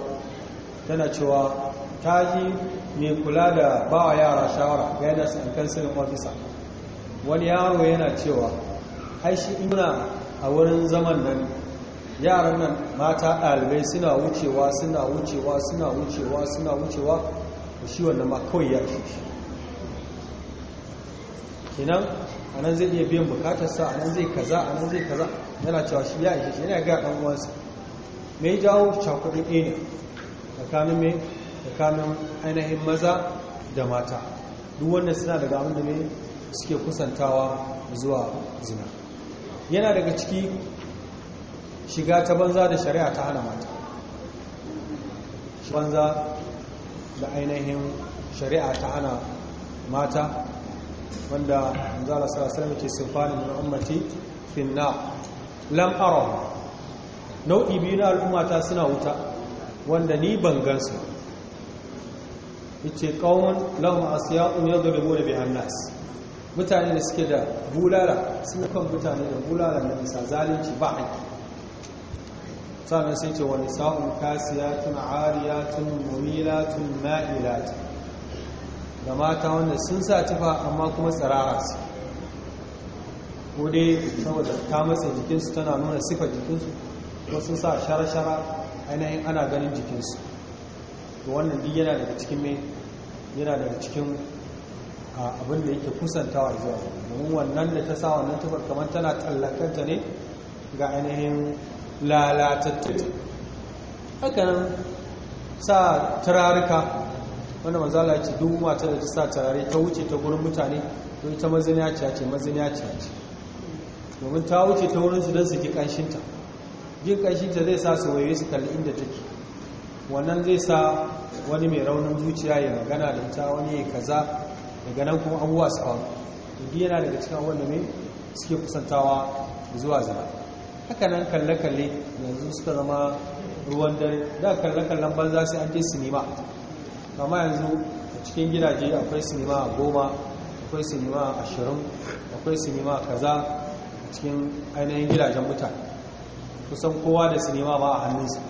tana cewa ta ji mai kula da ba wa yara shawara guidance and counseling ofisa wani yaro yana cewa ai shi a wurin zaman nan yaran nan mata ɗalibai suna wucewa suna wucewa suna wucewa suna wucewa da shi wannan ma kawai ya shi kenan a nan zai iya biyan bukatarsa a nan zai kaza a nan zai kaza yana cewa shi ya ishe shi yana ga ɗan uwansa mai jawo cakuɗi ina ne tsakanin mai tsakanin ainihin maza da mata duk wannan suna daga abinda da mai suke kusantawa zuwa zina yana daga ciki shiga ta banza da shari'a ta hana mata banza da ainihin shari'a ta hana mata wanda zala sarasar mace sifani na ummati finna lam nau'i biyu na al'ummata suna wuta wanda ni ban gansu yace qaumun lahum asya'un yadribuna biha an-nas mutane da suke da bulala suna kan mutane da bulala na isa zalunci ba haƙƙi sannan sai ce wani sa'un tun ariyatun tun ma'ilatun da mata wanda sun sa tufa amma kuma tsarara su ko dai saboda ta matsa jikinsu tana nuna sifar jikinsu kuma sun sa shara-shara ainihin ana ganin jikinsu to wannan din yana daga cikin mai yana daga cikin abin da yake kusantawa zuwa domin wannan da ta sa wannan tufar kamar tana tsallakanta ne ga ainihin lalatattun hakanan sa turarika wanda mazala ce duk mata da ta sa turare ta wuce ta gurin mutane don ita mazina ce mazina ce domin ta wuce ta wurin su don su ji kanshinta jin ta zai sa su waye su kalli inda take wannan zai sa wani mai raunin zuciya ya magana da ita wani ya kaza daga nan kuma abuwa su faru yana daga cikin wanda mai suke kusantawa zuwa zina haka nan kalle-kalle yanzu suka zama ruwan dare da kalle-kallen banza sai an je sinima amma yanzu a cikin gidaje akwai sinima a goma akwai sinima a ashirin akwai sinima a kaza a cikin ainihin gidajen mutane kusan kowa da sinima ba a hannun hannunsa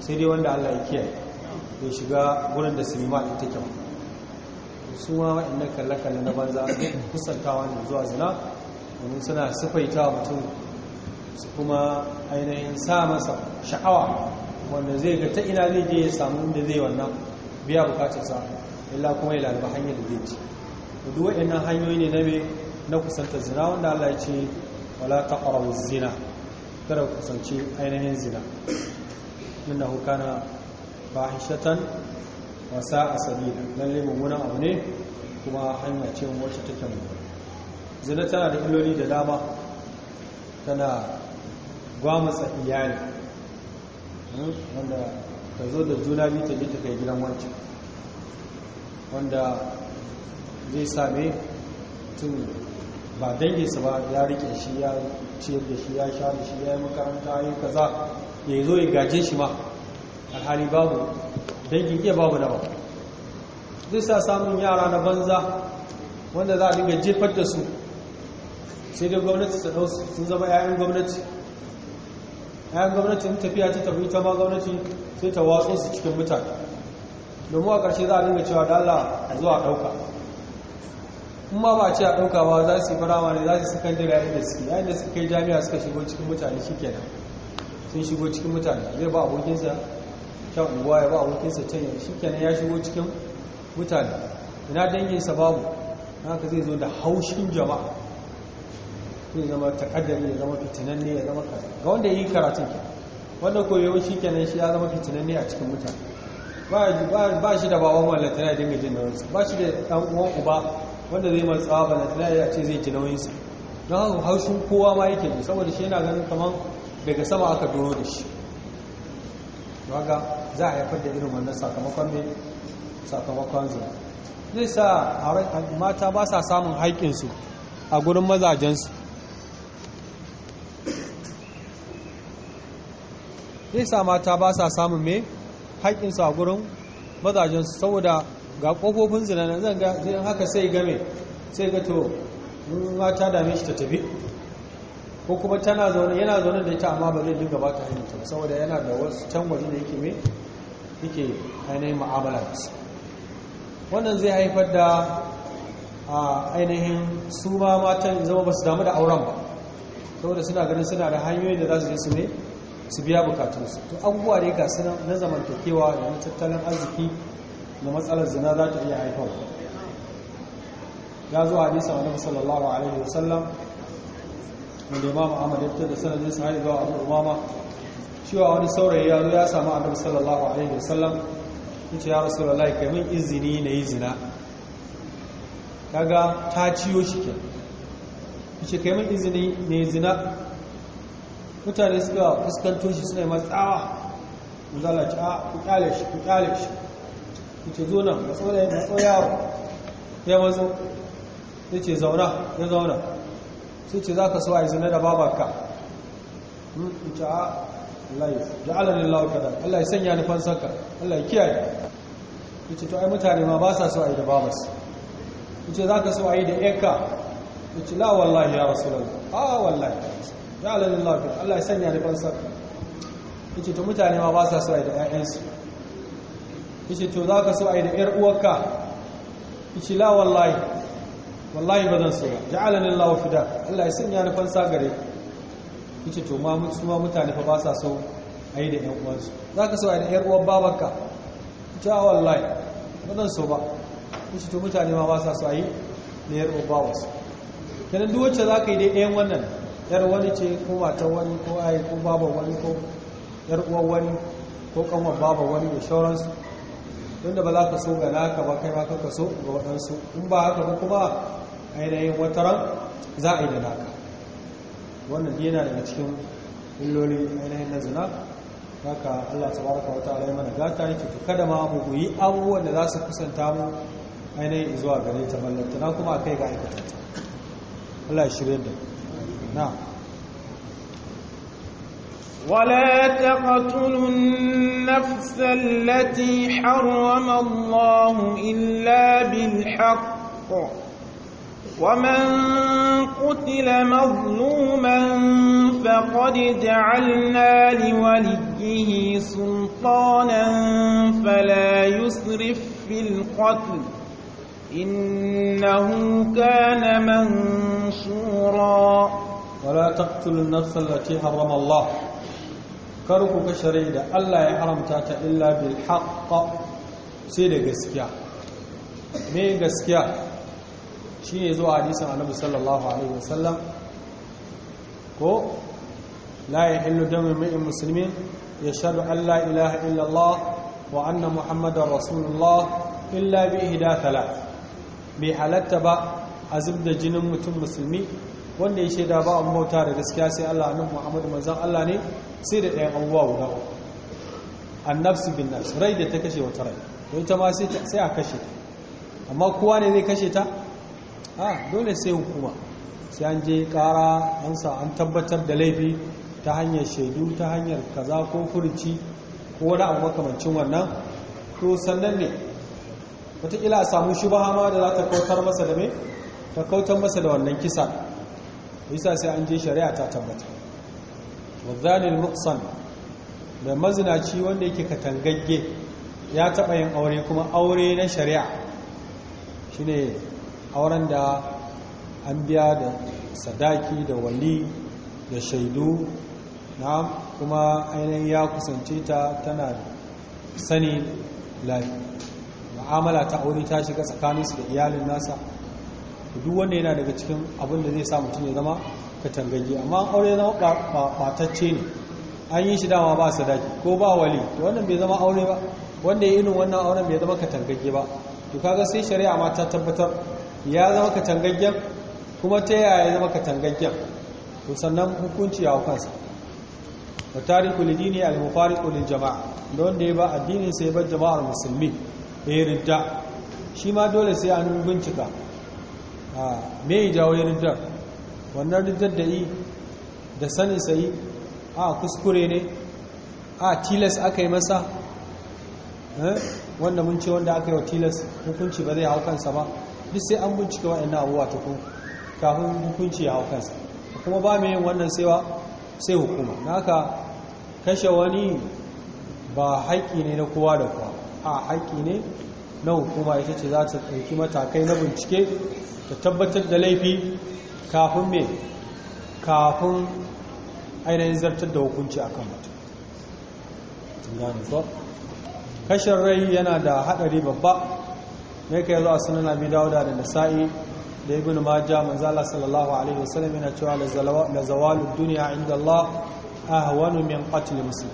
sai dai wanda allah ya kiyaye ya shiga gurin da sinima ɗin take ba su ma waɗanda kalle na banza kusantawa ne zuwa zina domin suna sifaita mutum su kuma ainihin sa masa sha'awa wanda zai ga ta ina zai je ya samu inda zai wannan biya bukatarsa illa kuma ya lalaba hanyar da zai ci duk waɗannan hanyoyi ne na kusantar zina wanda Allah ya ce wala taqrabu zina kada ku kusanci ainihin zina inna hukana fahishatan wasa a sabila lalle mummunan abu ne kuma hanya ce wacce take mu zina tana da iloli da dama tana gwamutsa iyali wanda ta zo da juna biyu ta je ta kai gidan wancan wanda zai same mutum ba danginsa ba ya rike shi ya ciyar da shi ya sha da shi ya yi makaranta ya yi kaza ya zo ya gaje shi ma alhali babu dangin iya babu na ba zai sa samun yara na banza wanda za a dinga jefar da su sai dai gwamnati ta ɗau sun zama 'ya'yan gwamnati 'ya'yan gwamnati in tafiya ta tafi ta ma gwamnati sai ta watsa su cikin mutane domin a ƙarshe za a dinga cewa da Allah zuwa ɗauka kuma ba ce a ɗauka ba za su yi farawa ne za su sakandare yayin da suke yayin da suka kai jami'a suka shigo cikin mutane shi kenan sun shigo cikin mutane zai ba abokinsa can unguwa ya ba abokinsa can yau shi kenan ya shigo cikin mutane ina danginsa babu haka zai zo da haushin jama'a zai zama takaddari ya zama fitinanne ya zama kasa ga wanda ya yi karatun ke wanda koyo shi kenan shi ya zama fitinanne a cikin mutane ba shi da baban mallaka ya dinga jin nauyinsa ba shi da ɗan uwan uba wanda zai mai tsawa na tana a ce zai ji nauyinsa don haka haushin kowa ma yake ji saboda shi yana ganin kamar daga sama aka doro da shi waga za a haifar da irin wannan sakamakon mai sakamakon zai zai sa mata ba sa samun haƙƙinsu a gurin mazajensu zai sa mata ba sa samun mai haƙƙinsu a gurin mazajensu saboda ga kofofin zina zan ga zai haka sai game sai ga to ma ta dame shi ta tafi ko kuma tana zaune yana zaune da ita amma ba zai dinga ba ta hanyar ta saboda yana da wasu can waje da yake mai yake ainihin mu'amala wannan zai haifar da ainihin su ma matan zama ba su damu da auren ba saboda suna ganin suna da hanyoyin da za su je su ne su biya bukatunsu to abubuwa ne ga suna na zamantakewa da na tattalin arziki da matsalar zina za ta iya haifar ya zo hadisa wani musallallahu alaihi wasallam wanda imamu ahmad ya fitar da sanadin sahabi zuwa abu umama cewa wani saurayi ya zo ya samu annabi sallallahu alaihi wasallam ce ya rasulullahi kai min izini na yi zina kaga ta ciyo shi ke ce kai min izini na yi zina mutane suka fuskanto shi suna yi matsawa mu a ku kyale shi ku kyale shi ce zo nan matso ya matso ya ce zauna ya zauna sai ce za ka so a yi zina da babanka in hmm, ce a Allah da alalin laukada Allah ya sanya nufan saka Allah ya kiyaye ya ce to ai mutane ma ba sa so a yi da babas ya ce za ka so a yi da eka ya ce la wallahi ya rasu a wallahi da alalin laukada Allah ya sanya nufan saka ya ce to mutane ma ba sa so a yi da 'ya'yansu yace to za ka so a yi da yar uwarka yace la wallahi wallahi ba zan so ba ja'alani Allah fida Allah ya sanya ni fansa gare yace to ma ma mutane fa ba sa so a yi da yan uwansu za ka so a yi da yar uwar babanka ja wallahi ba zan so ba yace to mutane ma ba sa so a yi da yar uwar babarsu. kenan duk wacce za ka yi da ɗayan wannan yar wani ce ko matar wani ko ayi ko babar wani ko yar uwar wani ko kanwar babar wani da shauransu tunda ba za ka so ga naka ba kai ma ka so ga waɗansu in ba haka ba kuma ainihin wata ran za a yi da naka wannan yana daga cikin illoli ainihin na zina haka Allah tabaraka baraka wata ya mana gata yake to kada ma mu goyi abubuwan da za su kusanta mu ainihin zuwa gare ta Na kuma kai ga aikata Allah ya da na ولا تقتلوا النفس التي حرم الله إلا بالحق ومن قتل مظلوما فقد جعلنا لوليه سلطانا فلا يسرف في القتل إنه كان منصورا ولا تقتلوا النفس التي حرم الله kar ku ka rai da Allah ya haramta ta illa bil haqq sai da gaskiya me gaskiya shine zuwa hadisin Annabi sallallahu alaihi wasallam ko la yahillu damu min muslimin yashhadu an la ilaha illa Allah wa anna muhammadar rasulullah illa bi ihda thalath halatta ba azib da jinin mutum musulmi wanda ya shaida ba a bauta da gaskiya sai Allah annabi Muhammad manzon Allah ne sai da ɗayan abubuwa guda uku annabsu bin nas rai da ta kashe wata rai to ita ma sai a kashe ta amma kowa ne zai kashe ta a dole sai hukuma sai an je ƙara an sa an tabbatar da laifi ta hanyar shaidu ta hanyar kaza ko furuci ko wani abu makamancin wannan to sannan ne wataƙila a samu shi ma da za ta kautar masa da mai ta kautar masa da wannan kisa yasa sai an je shari'a ta tabbatar wazanin Muqsan da mazinaci wanda yake katangagge ya taɓa yin aure kuma aure na shari'a shine auren da an biya da sadaki da wali da shaidu na kuma ainihin ya kusance ta tana sani ma'amala ta aure ta shiga tsakaninsu da iyalin nasa duk wanda yana daga cikin abin da zai sa mutum ya zama katangage amma aure na batacce ne an yi shi dama ba sadaki ko ba wali to wannan bai zama aure ba wanda ya irin wannan auren bai zama katangage ba to kaga sai shari'a ma ta tabbatar ya zama katangaggen kuma ta yaya ya zama katangaggen to sannan hukunci ya kansa wa tariku lidini al-mufariqu lil jama'a da wanda ya ba addinin sai ya bar jama'ar musulmi ya ridda shi ma dole sai an bincika a ah, me ya jawo ya riddar wannan rijar da yi da sanin sayi a kuskure ne a tilas aka yi masa eh, wanda mun ce wanda aka yi wa tilas hukunci ba zai hau kansa ba duk sai an bincika ina abubuwa tukun kafin hukunci ya hau kansa kuma ba mai yin wannan saiwa sai hukuma na haka kashe wani ba haƙƙi ne na kowa da kowa a haƙƙi ne na hukuma ita ce za ta ɗauki matakai na bincike ta tabbatar da laifi kafin me kafin ainihin zartar da hukunci a kan mutum kashin rai yana da haɗari babba mai ka yi zuwa sunan abi dawuda da nasa'i da ibn majah manzala sallallahu alaihi wasallam yana cewa la zawalu duniya inda Allah ahwanu min qatl muslim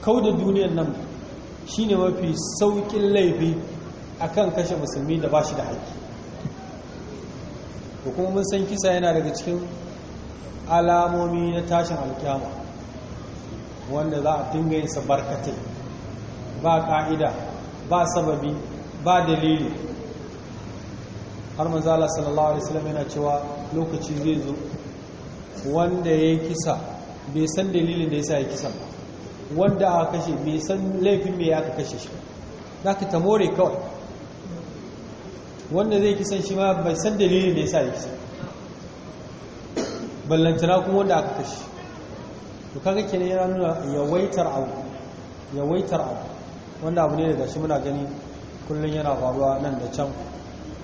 kau da duniyar nan shine mafi saukin laifi akan kashe musulmi da bashi da haƙƙi to kuma mun san kisa yana daga cikin alamomi na tashin alkyama wanda za a dinga yin sa barkatai ba ka'ida ba sababi ba dalili har manzala sallallahu alaihi wasallam yana cewa lokaci zai zo wanda ya kisa bai san dalilin da ya sa ya kisa wanda aka kashe bai san laifin me aka kashe shi za ka ta more kawai wanda zai kisan shi ma bai san dalilin da ya sa ya kisan ballantana kuma wanda aka kashi to kaga kenan yana nuna yawaitar abu yawaitar abu wanda abu ne da gashi muna gani kullum yana faruwa nan da can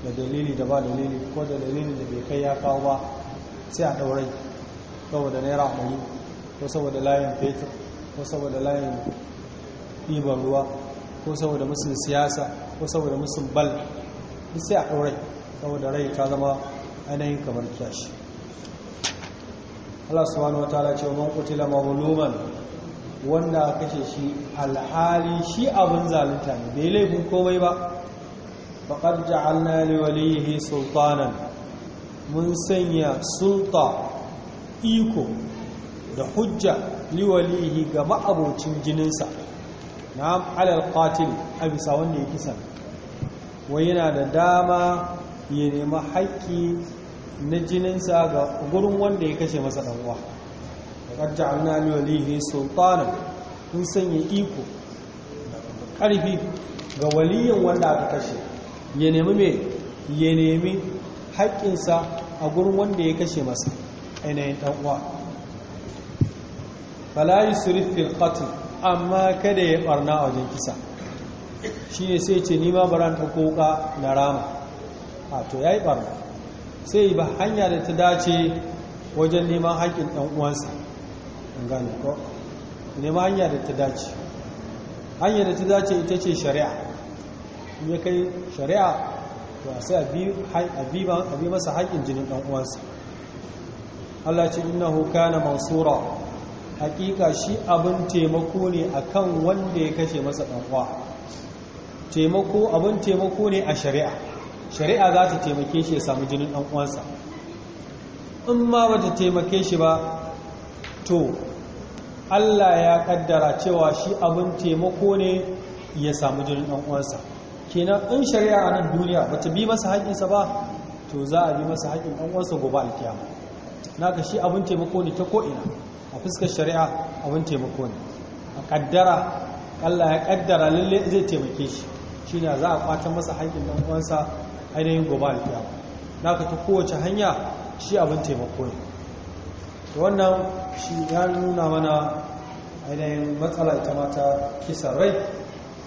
da dalili da ba dalili ko da dalili da bai kai ya kawo ba sai a ɗaurai saboda naira ɗari ko saboda layin fetur ko saboda layin ɗiban ruwa ko saboda musun siyasa ko saboda musun bal duk sai a ɗaurai saboda rai ta zama ainihin kamar kyashi Allah subhanahu wata ta'ala ce man qutila mazluman wanda kashe shi alhali shi abin zalunta ne bai laifin komai ba faqad ja'alna li walihi sultanan mun sanya sulta iko da hujja liwalihi ga ma'abocin jininsa na alal qatil a bisa wanda ya kisa wai yana da dama ya nemi haƙƙi na jininsa ga gurin wanda ya kashe masa ɗanwa da ƙarja an nami walihi sultanin sun sanya iko ƙarfi ga waliyan wanda aka kashe ya nemi mai ya nemi haƙƙinsa a gurin wanda ya kashe masa ainihin ɗanwa falayi surifin ƙatin amma kada ya ɓarna a wajen kisa shi ne sai ce nima baran ta koka na rama a to ya yi ɓarna sai ba hanya da ta dace wajen neman haƙƙin ɗan uwansa gane ko nema hanya da ta dace hanya da ta dace ita ce shari'a in ya kai shari'a to sai a bi masa haƙƙin jinin ɗan uwansa Allah ce innahu na mansura hakika shi abin taimako ne akan wanda ya kashe masa ɗan uwa taimako abin taimako ne a shari'a shari'a za ta taimake shi ya samu jinin ɗan uwansa in ma ba ta taimake shi ba to Allah ya kaddara cewa shi abin taimako ne ya samu jinin ɗan uwansa kenan in shari'a a nan duniya ba ta bi masa haƙinsa ba to za a bi masa haƙin ɗan uwansa gobe alkiyama naka shi abin taimako ne ta ko'ina a fuskar shari'a abin taimako ne a kaddara Allah ya kaddara lalle zai taimake shi shine za a kwata masa haƙƙin ɗan uwansa ainihin gobe Na ka ta kowace hanya shi abin taimako ne Da wannan shi ya nuna mana ainihin matsala ita mata kisan rai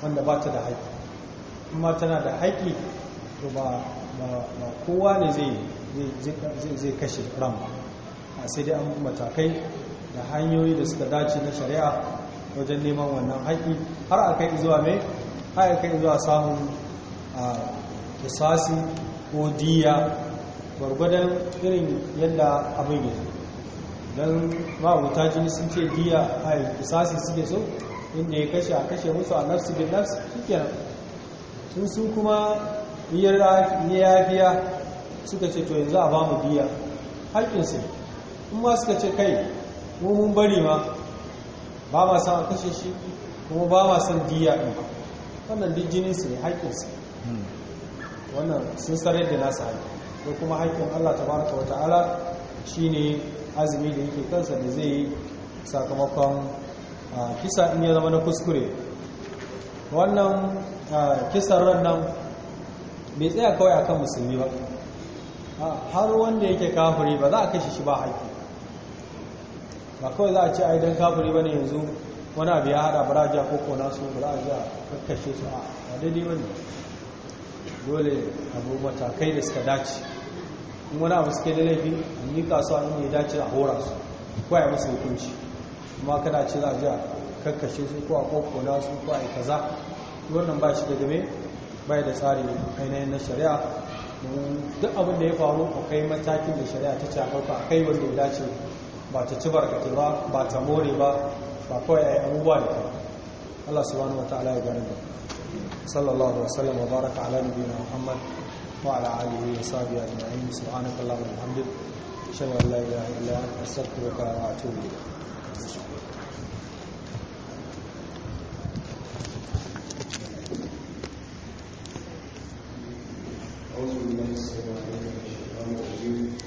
wanda ba ta da haƙƙi kuma tana da haƙƙi to ba kowa ne zai kashe ram a sai dai an matakai da hanyoyi da suka dace na shari'a wajen neman wannan haƙƙi har a kai zuwa mai haya kai zuwa samun kisasi ko diya gwargwadon irin yadda abin yi don ma'abuta jini sun ce diya haya kisasi suke so inda ya kashe a kashe musu a nafsu bin nafsu nan sun sun kuma biyar ya biya suka ce to yanzu a ba mu biya haƙƙinsu in ma suka ce kai mun bari ma ba ma san a kashe shi kuma ba ma san diya ɗin ba wannan duk jini su ne haƙƙin wannan sun sarar da nasu haƙƙi ko kuma haƙƙin Allah baraka wa ta'ala ne azumi da yake kansa da zai yi sakamakon kisa in ya zama na kuskure wannan kisan ran nan bai tsaya kawai akan musulmi ba har wanda yake kafuri ba za a kashe shi ba haƙƙi ba kawai za a ce a idan kafuri ba ne yanzu wani abu ya hada baraja ko kona su baraja kakkashe su a daidai wani dole abu matakai da suka dace kuma wani abu suke da laifi an yi kasu an yi dace a hora su yi masu hukunci kuma kada ce za a ji kakkashe su ko a kona su ko a yi kaza wannan ba shi da game bai da tsari ainihin na shari'a duk abin da ya faru kai matakin da shari'a ta ce a kai wanda ya dace ba ta ci barkatai ba ba ta more ba الله سبحانه وتعالى يجانبه صلى الله وسلم وبارك على نبينا محمد وعلى آله وصحبه أجمعين سبحانك اللهم وبحمدك شهد أن لا إله إلا أنت أستغفرك وأتوب إليك